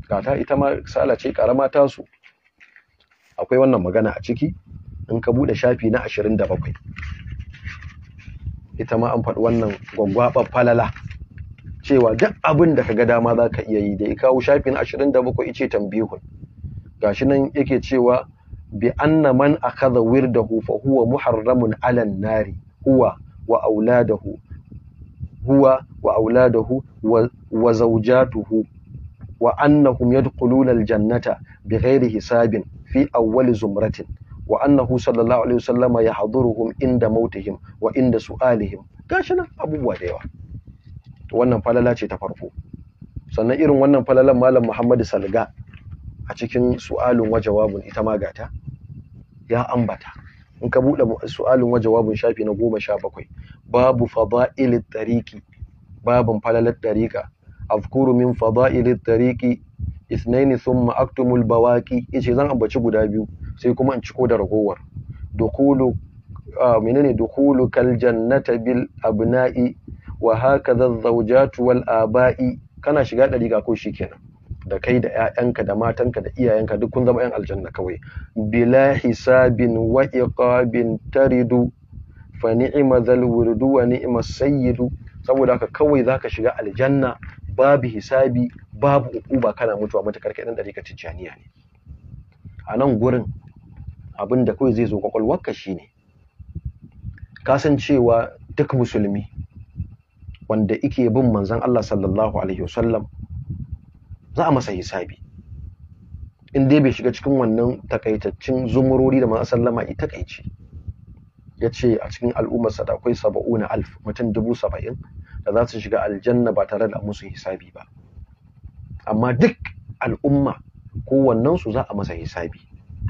kata ita ma sala ce karama tasu akwai wannan magana a ciki in ka bude shafi na 27 ita ma an faɗi wannan gwaggwaɓar falala cewa duk abin da kaga dama za ka iya yi da ya kawo shafi na bakwai ice tambihun gashi nan yake cewa bi anna man akhadha wirdahu fa huwa muharramun alan nari huwa wa auladahu huwa wa auladahu wa zawjatuhu wa annahum yadkhuluna aljannata bighairi hisabin fi awwal zumratin wa annahu sallallahu alaihi wasallama yahduruhum inda mautihim wa inda su'alihim gashi nan abubuwa da yawa to wannan falala ce ta farko sannan irin wannan falalan malam Muhammadu Salga a cikin su'alun wa jawabin ita magata, ya ambata in ka buɗe su'alun wa jawabin shafi na bakwai, babu fada'ilit tariqi babun falalat tariqa azkuru min fada'ilit tariqi ithnain thumma aktumul bawaqi ice zan ambaci guda biyu sai kuma in ciko da ragowar dukulu ah, menene dukulu kal jannata bil abna'i wa hakaza zawjatu wal aba'i kana shiga ga ko shikenan da kai da ƴaƴanka da matanka da iyayenka duk kun zama ƴan aljanna kawai bila hisabin wa iqabin taridu fa ni'ma zal wurdu wa ni'ma sayyidu saboda haka kawai zaka shiga aljanna babu hisabi babu uba kana mutuwa matakar kai dan ka tijaniya ne a nan gurin abinda da kawai zai zo kwakwalwarka shine cewa duk musulmi wanda ike bin manzon Allah sallallahu alaihi wasallam za a masa hisabi in dai bai shiga cikin wannan takaitaccen zumurori da manzon sallama ya takaici ya ce a cikin al'ummarsa da akwai saba'una alf mutum dubu saba'in da za su shiga aljanna ba tare da musu hisabi ba amma duk al'umma ko su za a masa hisabi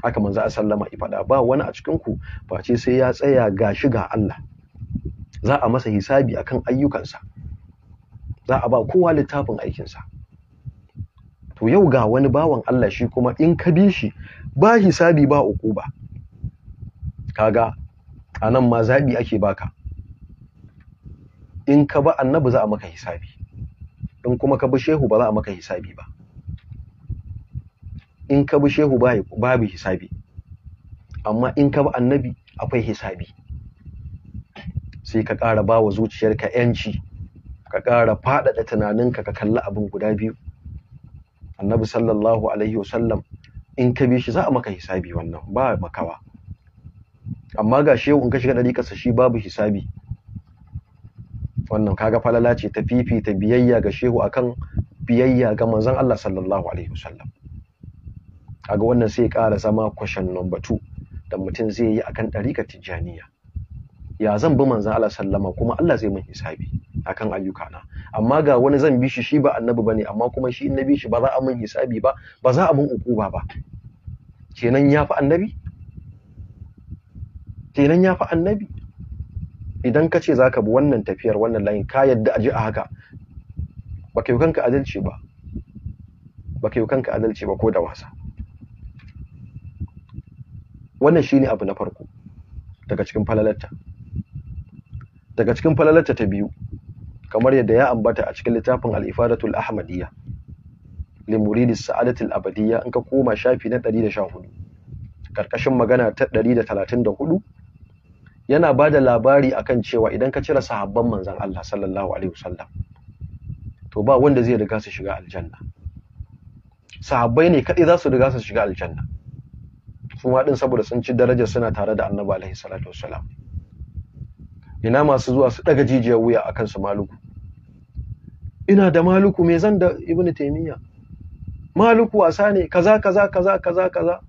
haka manzo a sallama fada ba wani a cikin cikinku face sai ya tsaya gashi ga Allah za a masa hisabi akan ayyukansa za a ba kowa littafin aikinsa to yau ga wani bawan Allah shi kuma in ka bi shi ba hisabi ba ukuba kaga anan ma zabi ake baka in ka ba annabi za a maka hisabi in kuma ka bi shehu ba za a maka hisabi ba in ka bi shehu babu hisabi amma in ka bi annabi akwai hisabi sai ka ƙara bawa wa zuciyarka ‘yanci ka ƙara faɗaɗa tunaninka ka kalli abin guda biyu annabi sallallahu alaihi wasallam in ka bi shi za a maka hisabi wannan ba makawa amma ga shehu in ka shiga ɗariƙarsa shi babu hisabi wannan kaga falala ce ta fifita biyayya ga shehu akan biyayya ga manzon Allah sallallahu alaihi wasallam kaga wannan sai ya ƙara zama question number two da mutum zai yi akan ɗariƙar tijjaniya ya zan bi manzon Allah sallama kuma Allah zai min hisabi akan ayyukana amma ga wani zan bi shi shi ba annabi bane amma kuma shi in na bi shi ba za a min hisabi ba ba za a min ukuba ba kenan ya fi annabi kenan ya fi annabi idan ka ce za ka bi wannan tafiyar wannan layin ka yadda a ji a haka ba ka yi kanka adalci ba ba ka yi kanka adalci ba ko da wasa wannan shi ne abu na farko daga cikin falalarta daga cikin falalarta ta biyu kamar yadda ya ambata a cikin littafin alifadatul ahmadiyya li sa'adatul abadiyya in ka koma shafi na 114 ƙarƙashin magana ta 134 yana bada labari akan cewa idan ka cire sahabban manzon Allah sallallahu alaihi wasallam to ba wanda zai riga su shiga aljanna sahabbai ne kaɗai za su riga su shiga aljanna su ma din saboda sun ci darajar suna tare da annabi alaihi salatu wassalam ina masu zuwa su daga jijiyar wuya a kansu, maluku ina da maluku me zan da ibnu taimiyya maluku wasa ne kaza kaza kaza kaza kaza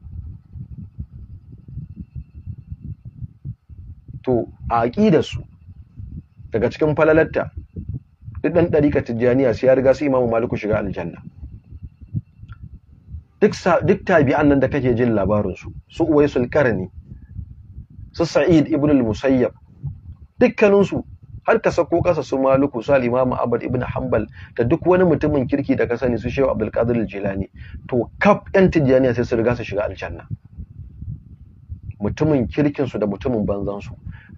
to a da su daga cikin falalatta duk dan dariƙa tijjaniya sai ya riga su imamu maluku shiga aljanna duk duk tabi'an nan da kake jin labarin su su uwaisul ne su sa'id ibn al-musayyab dukkaninsu har ka sako kasa su maluku su alimamu abad ibn hanbal da duk wani mutumin kirki da ka sani su shehu abdul qadir jilani to kaf yan Tijaniya sai su riga su shiga aljanna mutumin kirkin su da mutumin banzan su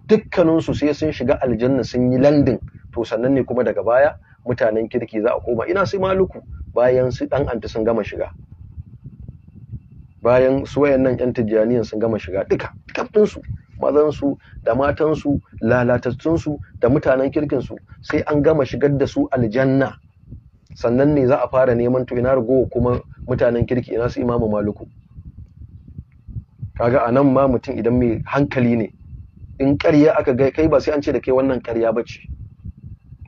dukkanin su sai sun shiga aljanna sun yi landin to sannan ne kuma daga baya mutanen kirki za a koma ina su maluku bayan su dan anti sun gama shiga bayan su wayannan yan tijjaniyan sun gama shiga duka kaf din su mazansu da matansu lalatattunsu da mutanen kirkinsu sai an gama shigar da su aljanna sannan ne za a fara neman to ina rigowa kuma mutanen kirki ina su imamu maluku kaga anan ma mutum idan mai hankali ne in ƙarya aka ga kai ba sai an ce da kai wannan ƙarya ba ce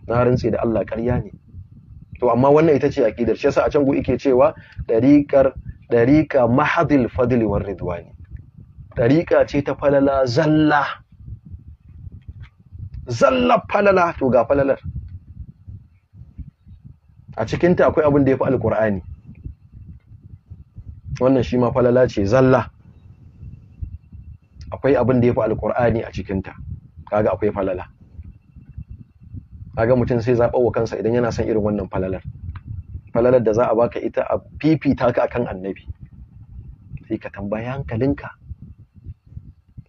na rantse da Allah ƙarya ne to amma wannan ita ce aƙidar shi yasa a can go ike cewa dariƙar dariƙa mahadil fadli war ridwani tariƙa ce ta falala zalla Zalla falala to ga falalar a cikinta akwai abin da ya fi alƙur'ani wannan shi ma falala ce zalla akwai abin da ya fi alƙur'ani a cikinta kaga akwai falala kaga mutum sai zaɓa wa kansa idan yana son irin wannan falalar falalar da za a baka ita a fifita ka akan annabi sai ka tambaya hankalinka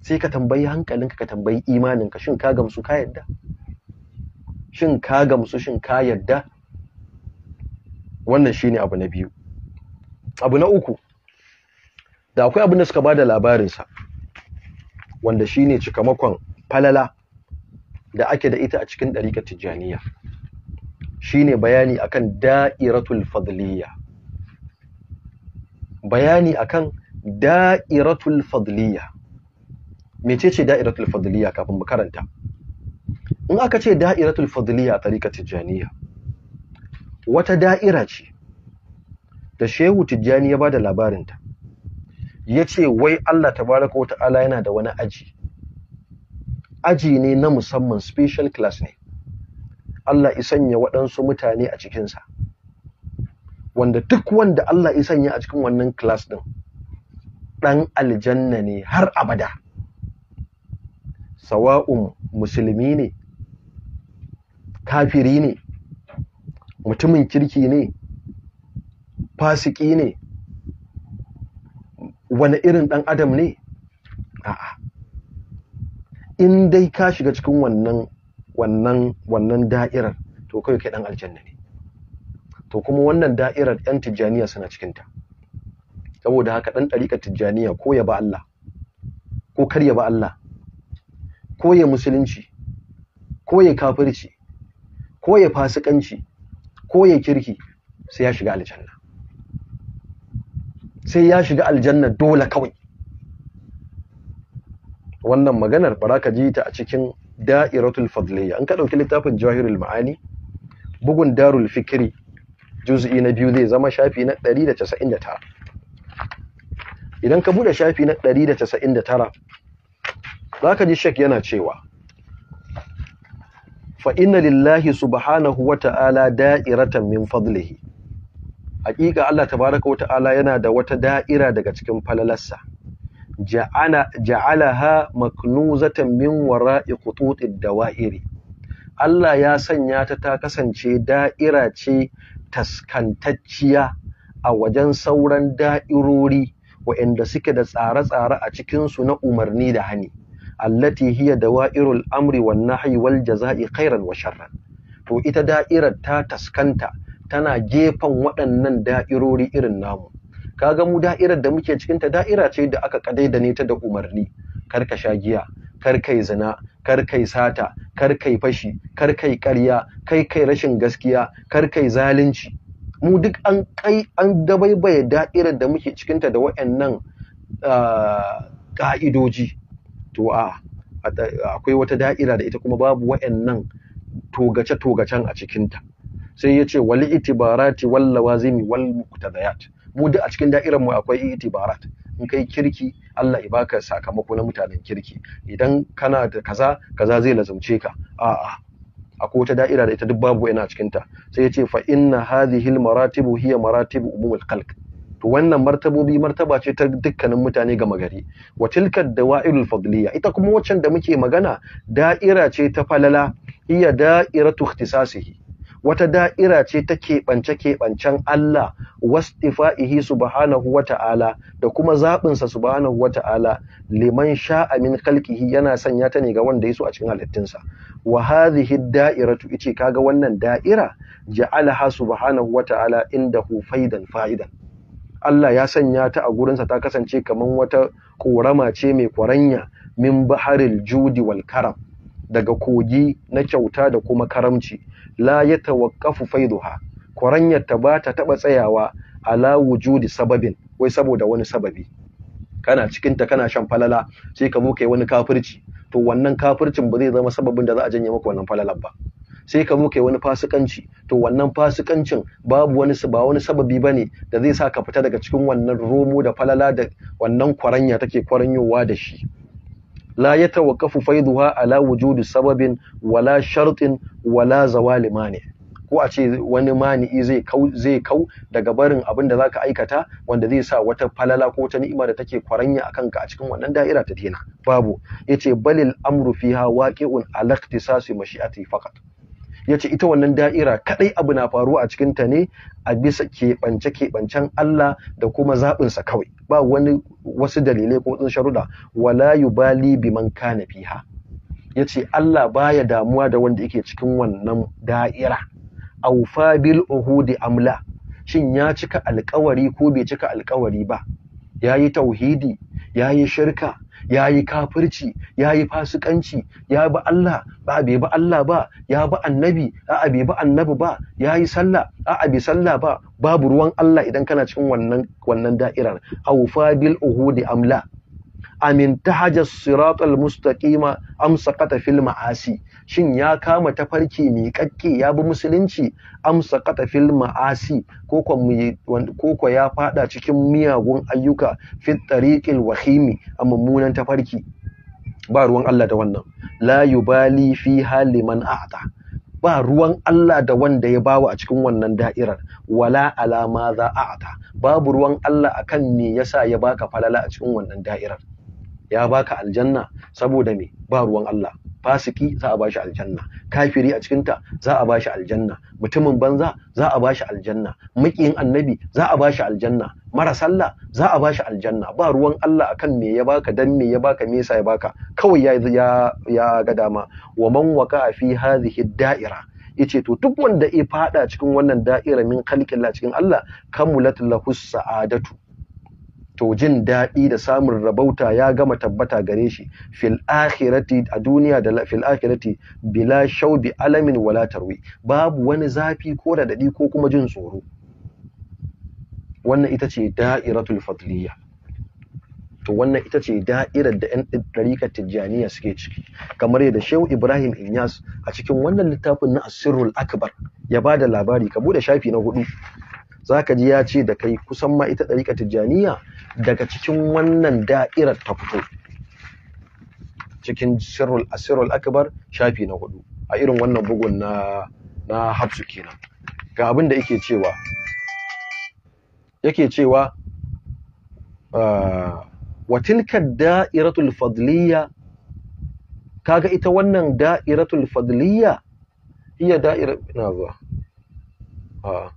sai ka tambayi hankalinka ka tambayi imaninka shin ka gamsu ka yadda shin ka gamsu shin ka yadda wannan shine abu na biyu abu na uku da akwai abin da suka bada labarinsa wanda shine cikamakon falala da ake da ita a cikin ɗariƙar tijjaniya shine bayani akan da'iratul fadliya bayani akan da'iratul fadliya mecece da'iratul fadliya kafin mu karanta in aka ce da'iratul fadliya tariqa tijaniya wata da'ira ce da shehu Tijjani ya ba da labarin ta yace wai Allah tabaraka wa ta'ala yana da wani aji aji ne na musamman special class ne Allah ya sanya waɗansu mutane a cikinsa wanda duk wanda Allah ya sanya a cikin wannan class ɗin? Ɗan aljanna ne har abada sawa'un musulmi ne kafiri ne mutumin kirki ne fasiki ne wani irin ɗan adam ne a'a in dai ka shiga cikin wannan wannan wannan da'irar to kai kai ɗan aljanna ne to kuma wannan da'irar yan tijjaniya suna cikin ta saboda haka ɗan ɗariƙar tijjaniya ko ya ba Allah ko kar ya ba Allah ko ya musulunci ko ya kafirci ko ya fasikanci ko ya kirki sai ya shiga aljanna sai ya shiga aljanna dole kawai wannan maganar bara ka ji ta a cikin da'iratul fadliya an ka ɗauki littafin jawahirul ma'ani bugun darul fikri juz'i na biyu zai zama shafi na 199 idan ka bude shafi na 199 za ka ji shek yana cewa fa inna lillahi subhanahu wa ta'ala da'iratan min fadlihi haƙiƙa Allah tabaraka wa ta'ala yana da wata da'ira daga cikin falalarsa ja'ala ja'alaha maknuzatan min wara'i qututid dawa'iri Allah ya sanya ta ta kasance da'ira ce taskantacciya a wajen sauran da'irori waɗanda suke da tsare-tsare a cikinsu na umarni da hani allati hiya dawa'irul amri wan nahyi wal jazaa'i khairan wa sharran to ita da'irar ta taskanta tana jefan waɗannan da'irori irin namu kaga mu da'irar da muke cikin ta da'ira ce da aka kadaida ne ta da umarni kar ka sha giya kar kai zina kar kai sata kar kai fashi kar kai ƙarya kai kai rashin gaskiya kar kai zalunci mu duk an kai an dabaibaye da'irar da muke cikinta da waɗannan ah, ƙa'idoji to a akwai wata da'ira da ita kuma babu wa'annan togace-togacen a cikinta sai ya ce wali itibarati wal lawazimi wal muktadayat mu duk a cikin da'irar mu akwai itibarat in kai kirki Allah ya baka sakamako na mutanen kirki idan kana da kaza kaza zai lazumce ka a'a akwai wata da'ira da ita duk babu wa'annan cikin ta sai ya ce fa inna hadhihi al maratibu hiya maratibu umumul khalq to wannan martabobi martaba ce ta dukkanin mutane gama gari wa tilka dawa'irul fadliya ita kuma waccan da muke magana da'ira ce ta falala iya da'iratu ikhtisasihi wata da'ira ce ta keɓance keɓancen Allah wastifa'ihi subhanahu wata'ala da kuma zaɓinsa subhanahu wata'ala liman sha'a min khalqihi yana sanya ta ne ga wanda ya so a cikin sa wa hadhihi da'iratu ice kaga wannan da'ira ja'alaha subhanahu wata'ala indahu faidan fa'idan Allah ya sanya ta a gurinsa ta kasance kamar wata korama ce mai kwaranya min baharil judi wal karam daga kogi na kyauta da kuma karamci la ya tawakkafu faiduha kwaranyar ta ba ta taba tsayawa ala wujudi sababin wai saboda wani sababi kana cikin ta kana shan falala sai ka zo kai wani kafirci to wannan kafircin ba zai zama sababin da za a janye maka wannan falalar ba sai ka muke wani fasikanci to wannan fasikancin babu wani ba wani sababi bane da zai sa ka fita daga cikin wannan romo da falala da wannan kwaranya take kwaranyowa da shi la ya yatawaqqafu faiduha ala wujudi sababin wala shartin wala zawali mani ko a ce wani mani zai kau zai kau daga barin abin da zaka aikata wanda zai sa wata falala ko wata ni'ima da take kwaranya akan ka a cikin wannan da'ira ta dina babu yace balil amru fiha waqi'un ala iktisasi mashi'ati faqat ya ce ita wannan da'ira kadai abu na faruwa a cikinta ne a bisa keɓance-keɓancen Allah da kuma zaɓinsa kawai ba wani wasu dalilai ko tsin sharuda wala yubali biman kana fiha ya ce Allah baya damuwa da wanda yake cikin wannan da'ira aufa bil uhudi amla shin ya cika alƙawari ko bai cika alƙawari ba yayi tauhidi yayi shirka ya yi kafirci ya yi fasikanci ya bi Allah ba bai bi Allah ba ya bi annabi a'a bai bi annabi ba ya yi sallah a'a bai sallah ba babu ruwan Allah idan kana cikin wannan wannan da'irar awfa bil uhudi amla amin tahajar siratal mustaqima amsa saqata fil ma'asi shin ya kama tafarki mai kakke ya bi musulunci amsa saqata fil ma'asi ko ya fada cikin miyagun ayyuka fit tariqil wahimi a mummunan tafarki ba ruwan Allah da wannan la yubali fi hali man a'ta ba ruwan Allah da wanda ya bawa a cikin wannan da'irar wala alama za a'ta babu ruwan Allah akan me yasa ya baka falala a cikin wannan da'irar ya baka aljanna saboda me ba ruwan Allah fasiki za a bashi aljanna kafiri a cikinta za a bashi aljanna mutumin banza za a bashi aljanna muƙiyin annabi za a bashi aljanna mara sallah za a bashi aljanna ba ruwan Allah akan me ya baka dan me ya baka me yasa ya baka kawai ya ya, ya ga dama wa man waqa fi hadhihi da'ira yace to duk wanda ya fada cikin wannan da'ira min khalqillah cikin Allah kamulat lahu sa'adatu wato jin daɗi da samun rabauta ya gama tabbata gare shi fil akhirati a duniya da fil akhirati bila shaubi alamin wala tarwi babu wani zafi ko radadi ko kuma jin tsoro wannan ita ce da'iratul fadliya to wannan ita ce da'irar da 'yan ɗariƙar tijjaniya suke ciki kamar yadda shehu ibrahim inyas a cikin wannan littafin na asirul akbar ya ba da labari ka buɗe shafi na hudu zaka ji ya ce da kai kusan ma ita ɗariƙa tijjaniya daga cikin wannan da'irar ta fito cikin sirrul asirul akbar shafi na hudu a irin wannan bugun na na hafsu kenan ga abin da yake cewa yake cewa ah, wa tilka da'iratul fadliya kaga ita wannan da'iratul fadliya hiya da'ira ina zuwa ah,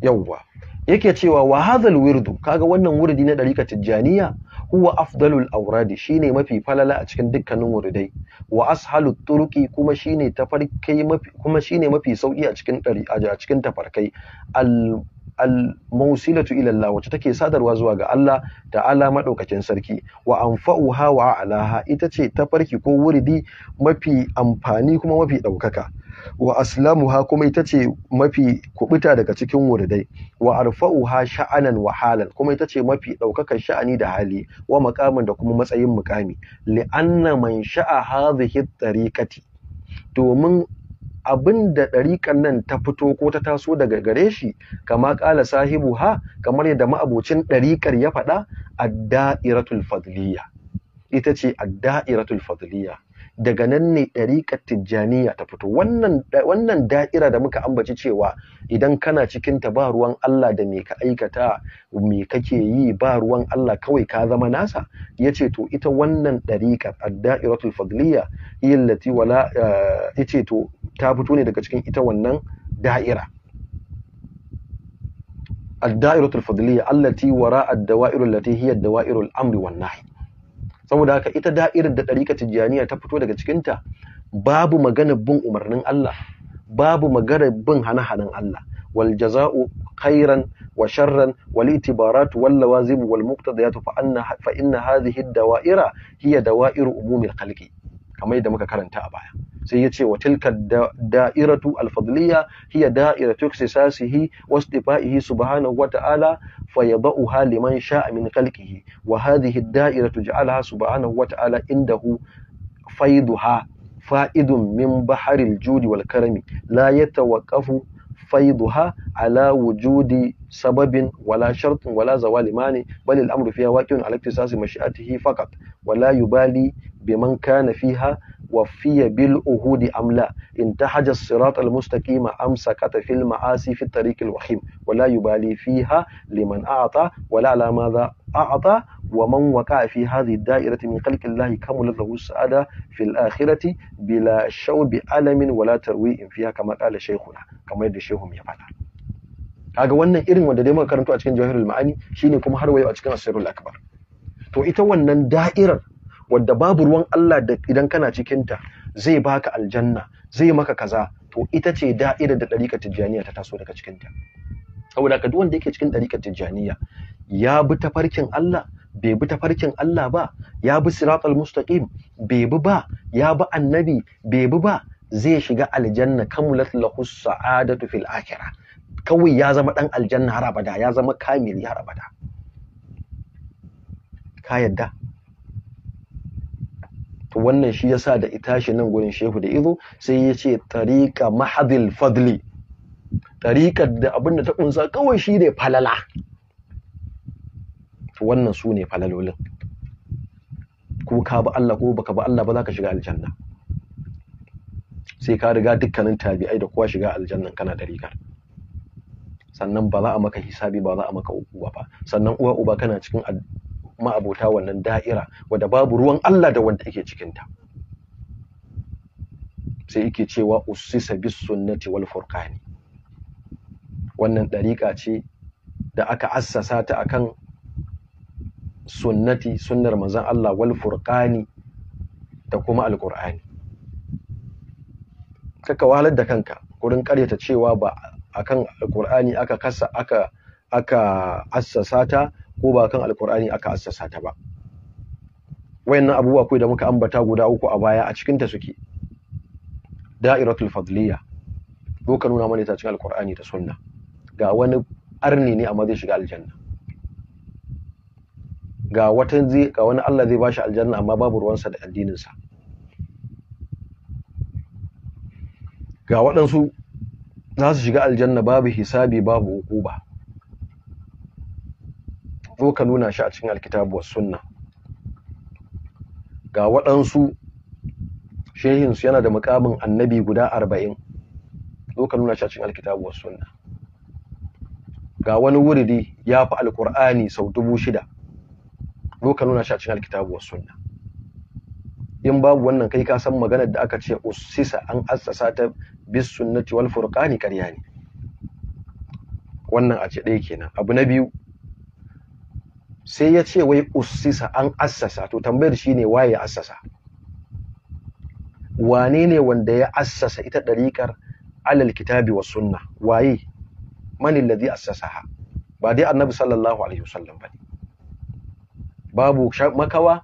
yawwa yake cewa wa hadhal wirdu kaga wannan wurdi na dariqa tijaniya huwa afdalul awradi shine mafi falala a cikin dukkanin wuridai wa ashalut turuki kuma shine tafarkai mafi kuma shine mafi sauki a cikin dari a cikin tafarkai al al mawsilatu ila Allah wacce take sadarwa zuwa ga Allah da ta'ala madaukakin sarki wa anfa'uha wa alaha ita ce tafarki ko wuridi mafi amfani kuma mafi daukaka wa aslamuha kuma ita ce mafi kubuta daga cikin wurdai wa arfa'uha sha'anan wa halal kuma ita ce mafi ɗaukakar sha'ani da hali wa maqamin da kuma matsayin muqami li'anna man sha'a hadhihi tariqati domin abinda da nan ta fito ko ta taso daga gare shi kama ƙala sahibu ha kamar yadda ma'abocin ɗariƙar ya faɗa adda'iratul fadliya ita ce adda'iratul fadliya daga nan ne ɗariƙar tijjaniya ta fito wannan da'ira da muka ambaci cewa idan kana cikin ta ba ruwan Allah da me ka aikata me kake yi ba ruwan Allah kawai ka zama nasa Ya ce to ita wannan ɗariƙar ad-da'iratul fadliya yallati wala eh, ce to ta fito ne daga cikin ita wannan da'ira ad-da'iratul fadliya allati wara ad-dawa'ir allati hiya ad amri wan nahy saboda haka ita da'irar da ɗariƙa tijjaniya ta fito daga cikinta babu magana bin umarnin Allah babu magana bin hana-hanan Allah wal jaza'u khairan wa sharran wal itibarat wal lawazim wal muqtadiyat fa anna fa inna hadhihi ad-dawa'ira hiya dawa'iru umumil khalqi kamar yadda muka karanta a baya sai ya ce wa tilka da'iratu alfadliya hiya da'ira ta yi sa su yi wasu tifa'ihi su ba hana wata'ala faye ba'u haliman sha amin kalkihi wa da'iratu da'ira ta ji'ala su ba hana wata'ala inda hu faidu ha fa'idun min baharil judi wal karami la ya tawakafu faidu ha ala wujudi sababin wala shartin wala zawali mani bani al'amuru fiye wakilun alaƙisa su mashi'atihi fakat wala yubali bi man kana fiha وفي بالأهود أم لا انتهج الصراط المستقيم أم سكت في المعاصي في الطريق الوخيم ولا يبالي فيها لمن أعطى ولا على ماذا أعطى ومن وقع في هذه الدائرة من خلق الله كمل له السعادة في الآخرة بلا شوب ألم ولا ترويء فيها كما قال شيخنا كما يد شيخهم يفعل kaga wannan irin wanda dai muka karanto a cikin jawahirul ma'ani shine kuma har wayo a cikin asirul akbar to ita wannan da'irar wadda babu ruwan Allah da idan kana cikinta zai baka aljanna zai maka kaza to ita ce da'ira da ɗarikar tijjaniya ta taso daga cikinta. ta saboda ka duk wanda yake cikin ɗarikar tijjaniya ya bi tafarkin Allah bai bi tafarkin Allah ba ya bi siratal mustaqim bai bi ba ya bi annabi bai bi ba zai shiga aljanna kamulat lahus sa'adatu fil akhirah kawai ya zama dan aljanna har abada ya zama kamil har abada ka yadda wannan shi yasa da shi nan gurin shehu da izo sai ya ce tariqa mahadil fadli tariqar da abin da ta kunsa kawai shi ne falala to wannan su ne falalolin ko ka bi Allah ko baka bi Allah ba za ka shiga aljanna sai ka riga dukkanin tabi'ai da kowa shiga aljannan kana tariqar sannan ba za a maka hisabi ba za a maka uba ba sannan uwa uba kana cikin ma'abota wannan da'ira wadda babu ruwan Allah da wanda yake cikinta sai yake cewa ussisa bis sunnati wal furqani wannan dariƙa ce da aka assasa ta akan sunnati sunnar manzon Allah wal furqani da kuma alqur'ani kaka wahalar da kanka gurin karyata cewa ba akan alqur'ani aka kasa aka aka assasa ta ko ba kan alkur'ani aka assasa ta ba wayannan abubuwa kai da muka ambata guda uku a baya a cikin ta suke da'iratul fadliya doka nuna mana ta cikin alkur'ani da sunna ga wani arni ne amma zai shiga aljanna ga watan zai ga wani Allah zai bashi aljanna amma babu ruwansa da addinin sa ga waɗansu za su shiga aljanna babu hisabi babu hukuba zo ka nuna shi a cikin alkitabu wa sunna ga waɗansu shehinsu yana da mukamin annabi guda arba'in zo ka nuna shi a cikin alkitabu wa sunna ga wani wuridi ya fi alkur'ani sau dubu shida zo ka nuna shi a cikin alkitabu wa sunna in babu wannan kai ka san maganar da aka ce usisa an assasa ta bis sunnati wal furqani ƙarya ne wannan a ce ɗaya kenan abu na biyu sai ya ce wai ussisa an assasa to tambayar shi ne waye ya assasa wane ne wanda ya assasa ita ɗariƙar alal kitabi wa sunna waye manin assasa assasaha ba dai annabi sallallahu alaihi wasallam ba babu makawa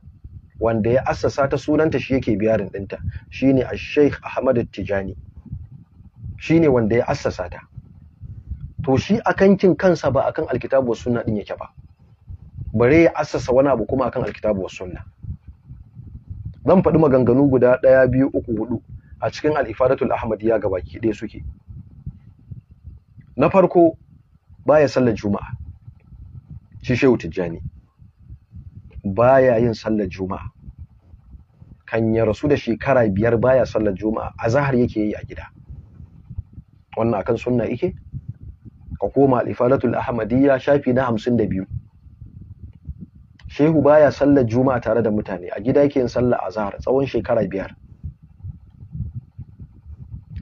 wanda ya assasa ta sunanta shi yake biyarin ɗinta shine ash sheikh Ahmad Tijani shine wanda ya assasa ta to shi kin kansa ba akan alkitabu wa sunna din yake ba bare ya assasa wani abu kuma akan alkitabu was sunna zan faɗi maganganu guda ɗaya biyu uku hudu a cikin al-ifadatul ahmadiyya gabaki dai suke na farko baya sallar juma'a shi shehu tijjani baya yin sallar juma'a kan ya rasu da shekara biyar baya sallar juma'a a zahar yake yi a gida wannan akan sunna yake ka koma al-ifadatul ahmadiyya shafi na 52 shehu baya sallar juma'a tare da mutane a gida yake yin sallar azhar tsawon shekara biyar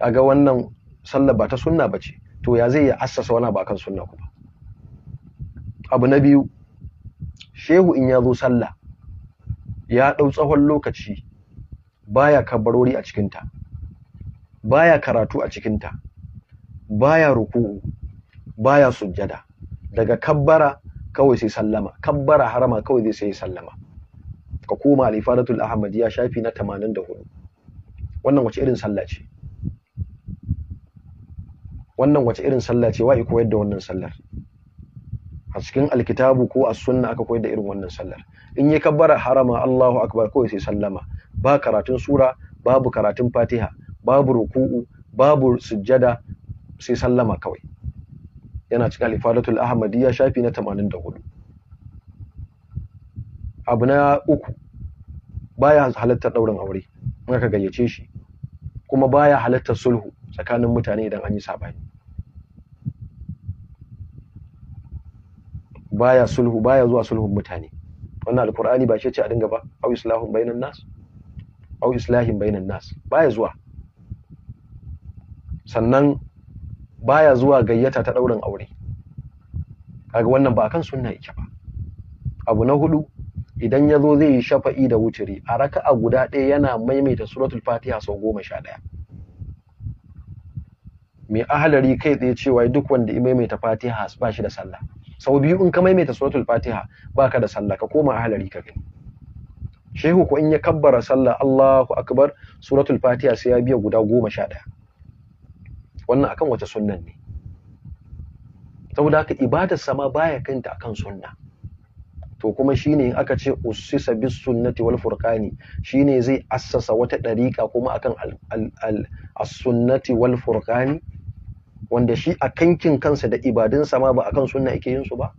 a ga wannan sallar ba ta sunna ba ce to ya zai ya assasa wani ba sunna kuma abu na biyu shehu in ya zo sallah ya ɗau tsawon lokaci baya kabarori a cikinta baya karatu a cikinta baya ruku'u baya sujjada daga kabbara kawai sai sallama kan bara harama kawai zai sai sallama ka koma al ya ya shafi na 84 wannan wace irin sallah ce wannan wace irin sallah ce wa'i koyar da wannan sallar a cikin alkitabu ko a sunna aka koyar da irin wannan sallar in yi kabbara harama Allahu akbar kawai sai sallama ba karatun sura babu karatun fatiha babu ruku'u babu sujjada sai sallama kawai yana cikin alifadatul ahmadiyya shafi na tamanin 84 abu na uku baya halattar daurin aure muka gayyace shi kuma baya halattar sulhu tsakanin mutane idan an yi sabani baya sulhu baya zuwa sulhun mutane wannan alkur'ani ba ce ce a dinga ba au islahun bainan nas au islahin bainan nas baya zuwa sannan baya zuwa gayyata ta ɗaurin aure kaga wannan ba kan sunna yake ba abu na hudu idan ya zo zai yi shafa'i da wuturi a raka'a guda ɗaya yana maimaita suratul fatiha sau goma sha ɗaya mai ahalari kai tsaye cewa duk wanda ya maimaita fatiha ba shi da sallah sau biyu in ka maimaita suratul fatiha ba ka da sallah ka koma ahalari ka gani shehu ko in ya kabbara sallah Allahu akbar suratul fatiha sai ya biya guda goma sha ɗaya wannan akan wace sunnan ne saboda haka ibadar sama baya kanta akan sunna to kuma shine in aka ce ussisa bis sunnati wal furqani shine zai assasa wata dariƙa kuma akan as-sunnati wal furqani wanda shi a kankin kansa da ibadun sama ba akan sunna yake yin su ba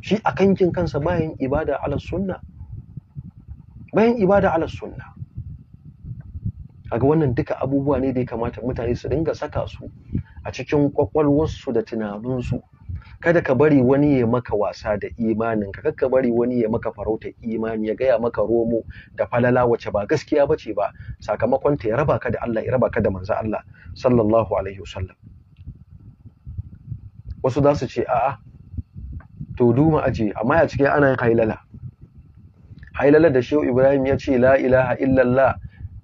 shi a kankin kansa bayan ibada ala sunna bayan ibada ala sunna kaga wannan duka abubuwa ne da ya kamata mutane su dinga saka su a cikin kwakwalwarsu da tunaninsu kada ka bari wani ya maka wasa da imanin ka ka bari wani ya maka farautar imani ya gaya maka romo da falala wace ba gaskiya bace ba sakamakon ta ya raba ka da Allah ya raba ka da manzo Allah sallallahu alaihi wasallam wasu za su ce a'a to duma aje amma a cikin ana yin hailala hailala da shehu ibrahim ya ce la ilaha illallah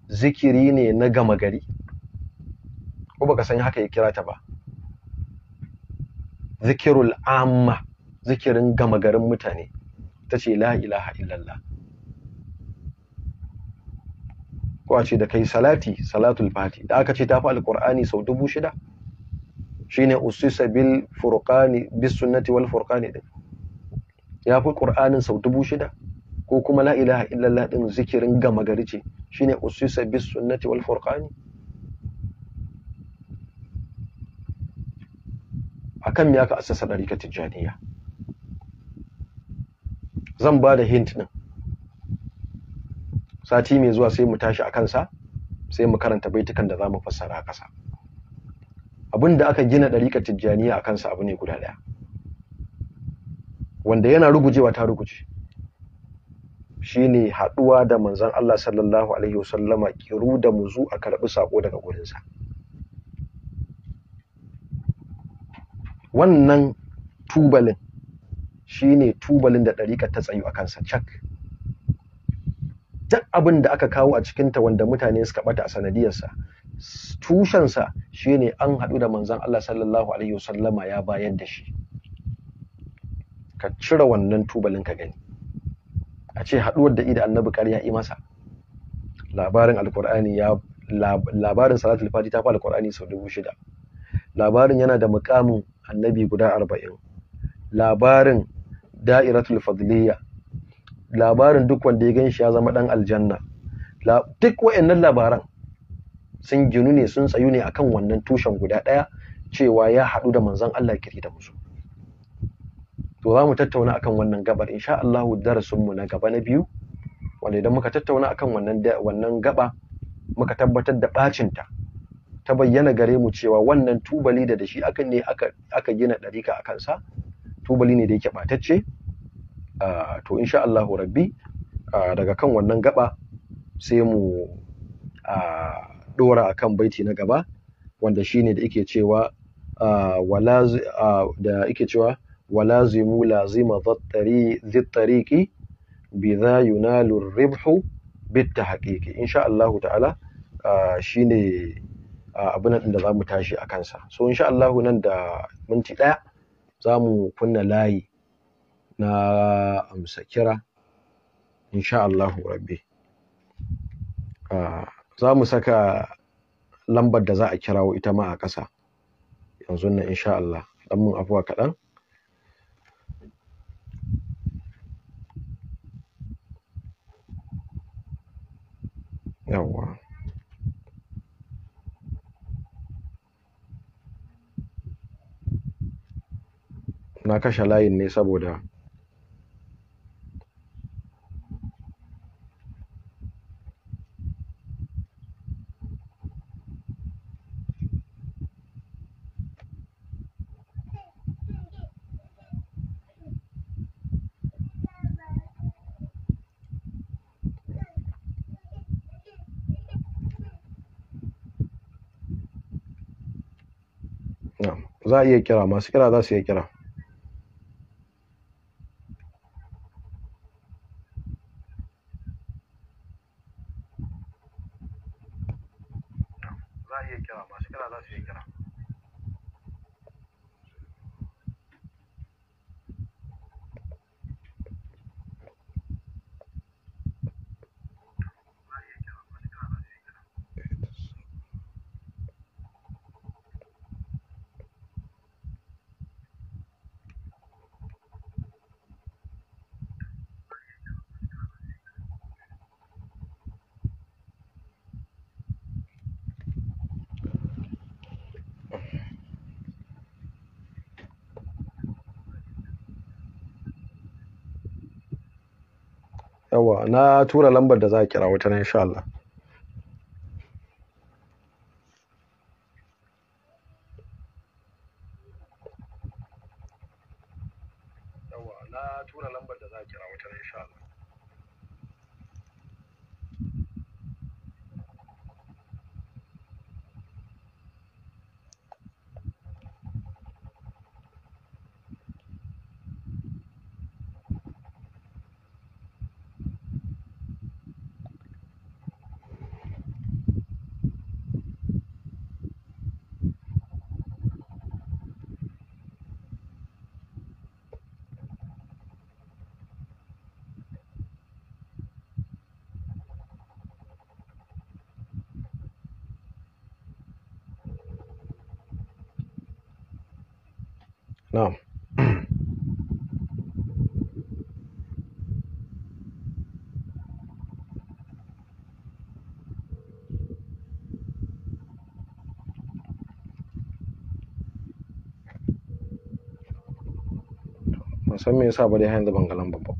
zikiri ne na gama gari ko baka san haka ya kira ta ba zikirul amma zikirin gama garin mutane ta ce la ilaha illallah ko a ce da kai salati salatul fati da aka ce ta fi alkur'ani sau dubu shida shine usisa bil furqani bis sunnati wal furqani din ya fi qur'anin sau dubu shida ko kuma la ilaha illallah din zikirin gama gari ce shine usisa bis sunnati wal furqan akan me aka assasa dariƙar tijjaniya zan ba da hint ɗin. sati mai zuwa sai mu tashi a kansa sai mu karanta baitukan da za mu fassara ƙasa abin da aka gina ɗariƙar tijjaniya akan sa abu ne guda ɗaya wanda yana rugujewa ta rugujewa shine haɗuwa da manzon Allah sallallahu alaihi wasallama kiru da muzu a karɓi sako daga gurinsa wannan tubalin shine tubalin da ɗariƙar ta tsayu a kansa cak duk abin da aka kawo a cikinta wanda mutane suka ɓata a sanadiyarsa tushensa shine an haɗu da manzon Allah sallallahu alaihi wasallama ya bayar da shi ka cire wannan tubalin ka gani a ce haduwar da ida annabi ƙarya yi masa labarin alkur'ani ya labarin salatul fati ta fi alkur'ani sau dubu shida labarin yana da mukamin annabi guda arba'in labarin da'iratul fadliya labarin duk wanda ya gan shi ya zama ɗan aljanna duk wa'annan labaran sun ginu ne sun tsayu ne akan wannan tushen guda ɗaya cewa ya haɗu da manzon Allah kiri da musu to za mu tattauna akan wannan gabar insha Allahu mu na gaba na biyu wanda idan muka tattauna akan wannan wannan gaba muka tabbatar da ɓacin ta ta bayyana gare mu cewa wannan tubali da dashi aka ne aka aka gina ɗarika a kansa tubali ne da yake batacce to insha Allahu rabbi daga kan wannan gaba sai mu dora akan baiti na gaba wanda shine da yake cewa wala da yake cewa ولازم lazima ذي الطريق بذا ينال الربح بالتحقيق إن شاء الله تعالى ne abin nan da mu tashi a kansa so insha Allah nan da minti ɗaya mu kunna layi na amsa kira insha Allah rabbi mu saka lambar da za a kirawo ita ma a ƙasa yanzu nan insha Allah dan mun afuwa kaɗan yawwa na kashe layin ne saboda za a iya kira masu kira za su iya kira na tura lambar da za a kira wata na insha Allah. san me yasa ba dai har yanzu ban ga lambar ba.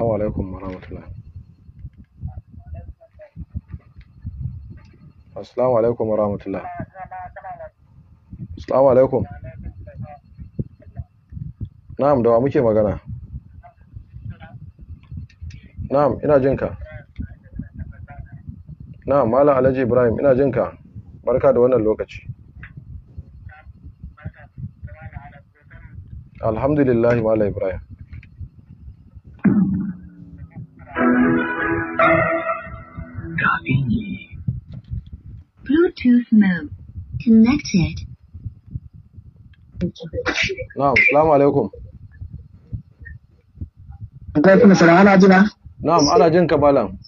Assalamu alaikum warahmatullah. Assalamu alaikum warahmatullah. Assalamu alaikum. Na'am, da wa muke magana? Na'am, ina jinka. Na'am, Malam Alhaji Ibrahim, ina jinka. Barka da wannan lokaci. Alhamdulillah Malam Ibrahim. connected. Now, salamu alaikum. Alaikum salam ana jina? Na'am, ana jin ka balam.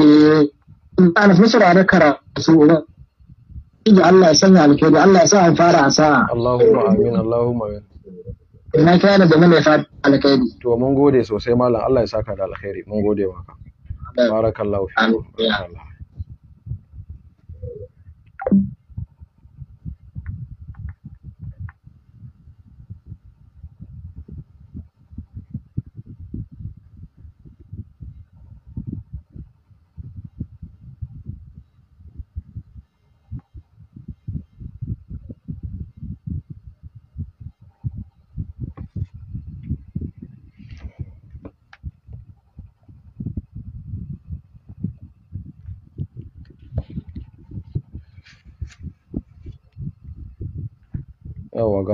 Eh, ina nufin saurare karatu wurin. Ina Allah ya sanya alkhairi, Allah ya sa an fara a sa'a. Allahumma amin, Allahumma amin. Ina kana da mana fata alkhairi. To mun gode sosai malam, Allah ya saka da alkhairi. Mun gode maka. Barakallahu fiikum. Barakallahu.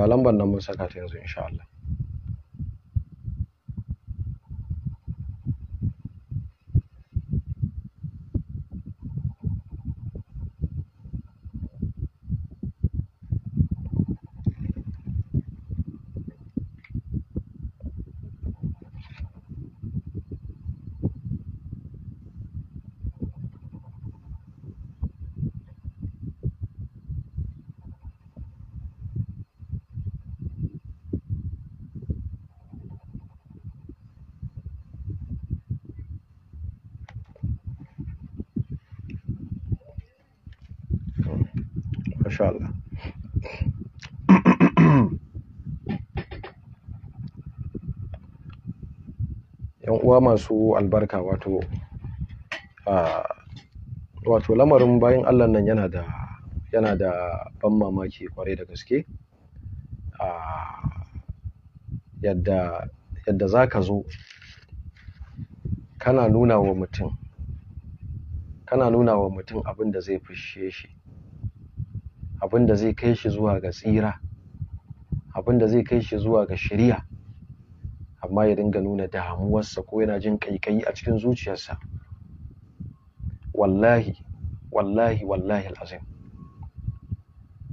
ga lambar nan mun saka ta yanzu insha Allah insha Allah yan uwa masu albarka wato wato lamarin bayan Allah nan yana da ban mamaki kwarai da gaske yadda yadda za ka zo kana nunawa mutum kana nuna wa mutum abin da zai fushe shi abin da zai kai shi zuwa ga tsira abin da zai kai shi zuwa ga shari'a amma ya dinga nuna damuwarsa ko yana jin kaikayi a cikin zuciyarsa wallahi wallahi wallahi alazim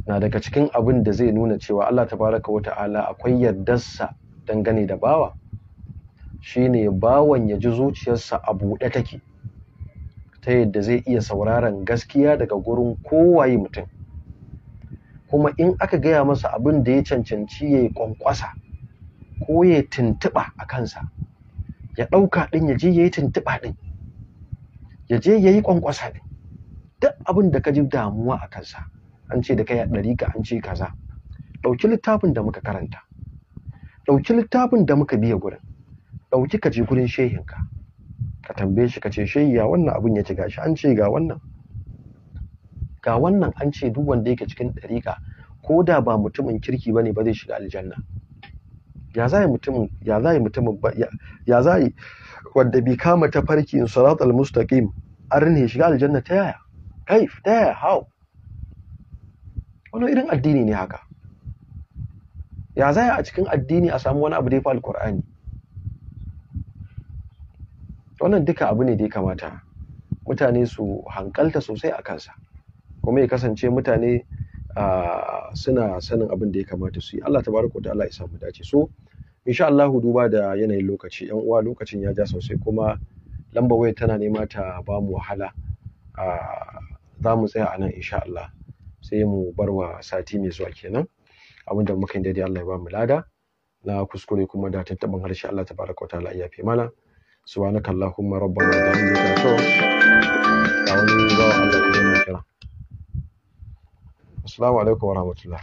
na daga cikin abin da zai nuna cewa Allah tabaraka wa ta'ala akwai yaddarsa dangane da bawa shine bawan ya ji zuciyarsa a buɗe take ta yadda zai iya sauraron gaskiya daga gurin kowaye mutum kuma in aka gaya masa abin da ya cancanci ya kwankwasa ko ya tuntuɓa a kansa ya ɗauka ɗin ya je ya yi tuntuɓa ɗin ya je ya yi kwankwasa ɗin duk abin da ka ji damuwa a kansa an ce da kai a ɗari ka an ce kaza ɗauki littafin da muka karanta ɗauki littafin da muka biya gurin ɗauki ka je gurin shehinka ka tambaye shi ka ce shehi ya wannan abin ya ci gashi an ce ga wannan ga wannan an ce duk wanda yake cikin ɗariƙa ko da ba mutumin kirki ba ne ba zai shiga aljanna ya za yi mutumin ya za yi mutumin ya za yi wanda bai kama ta farki in sirat al-mustaqim ya shiga aljanna ta yaya kaif ta yaya how wani irin addini ne haka ya za a cikin addini a samu wani abu da ya fi alkur'ani wannan duka abu ne da ya kamata mutane su hankalta sosai a kansa kuma ya kasance mutane suna sanin abin da ya kamata su yi Allah tabaraka ta'ala ya samu dace so insha Allah duba da yanayin lokaci yan uwa lokacin ya ja sosai kuma lamba waya tana nema ta ba mu wahala za mu tsaya a nan insha Allah sai mu bar wa sati mai zuwa kenan abin da muka yi daidai Allah ya ba mu lada na kuskure kuma da tattaɓin harshe Allah tabaraka ta'ala ya fi mana subhanakallahumma rabbana wa bihamdika to wani bawa Allah kuma mai kira Assalamu alaikum wa rahmatullah.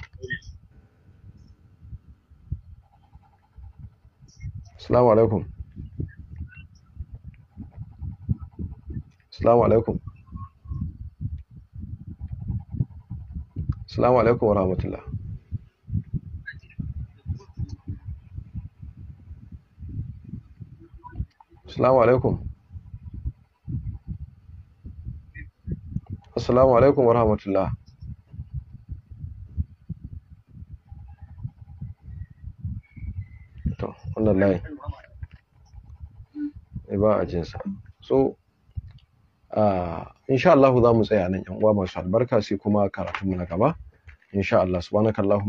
Assalamu alaikum. Assalamu alaikum. Assalamu alaikum wa rahmatullah. Assalamu alaikum. Assalamu alaikum wa rahmatullah. wannan layin eh, ba a jinsa so uh, insha Allah za mu tsaya nan yan uwa masu albarka sai kuma karatunmu na gaba insha Allah subhanakallahumma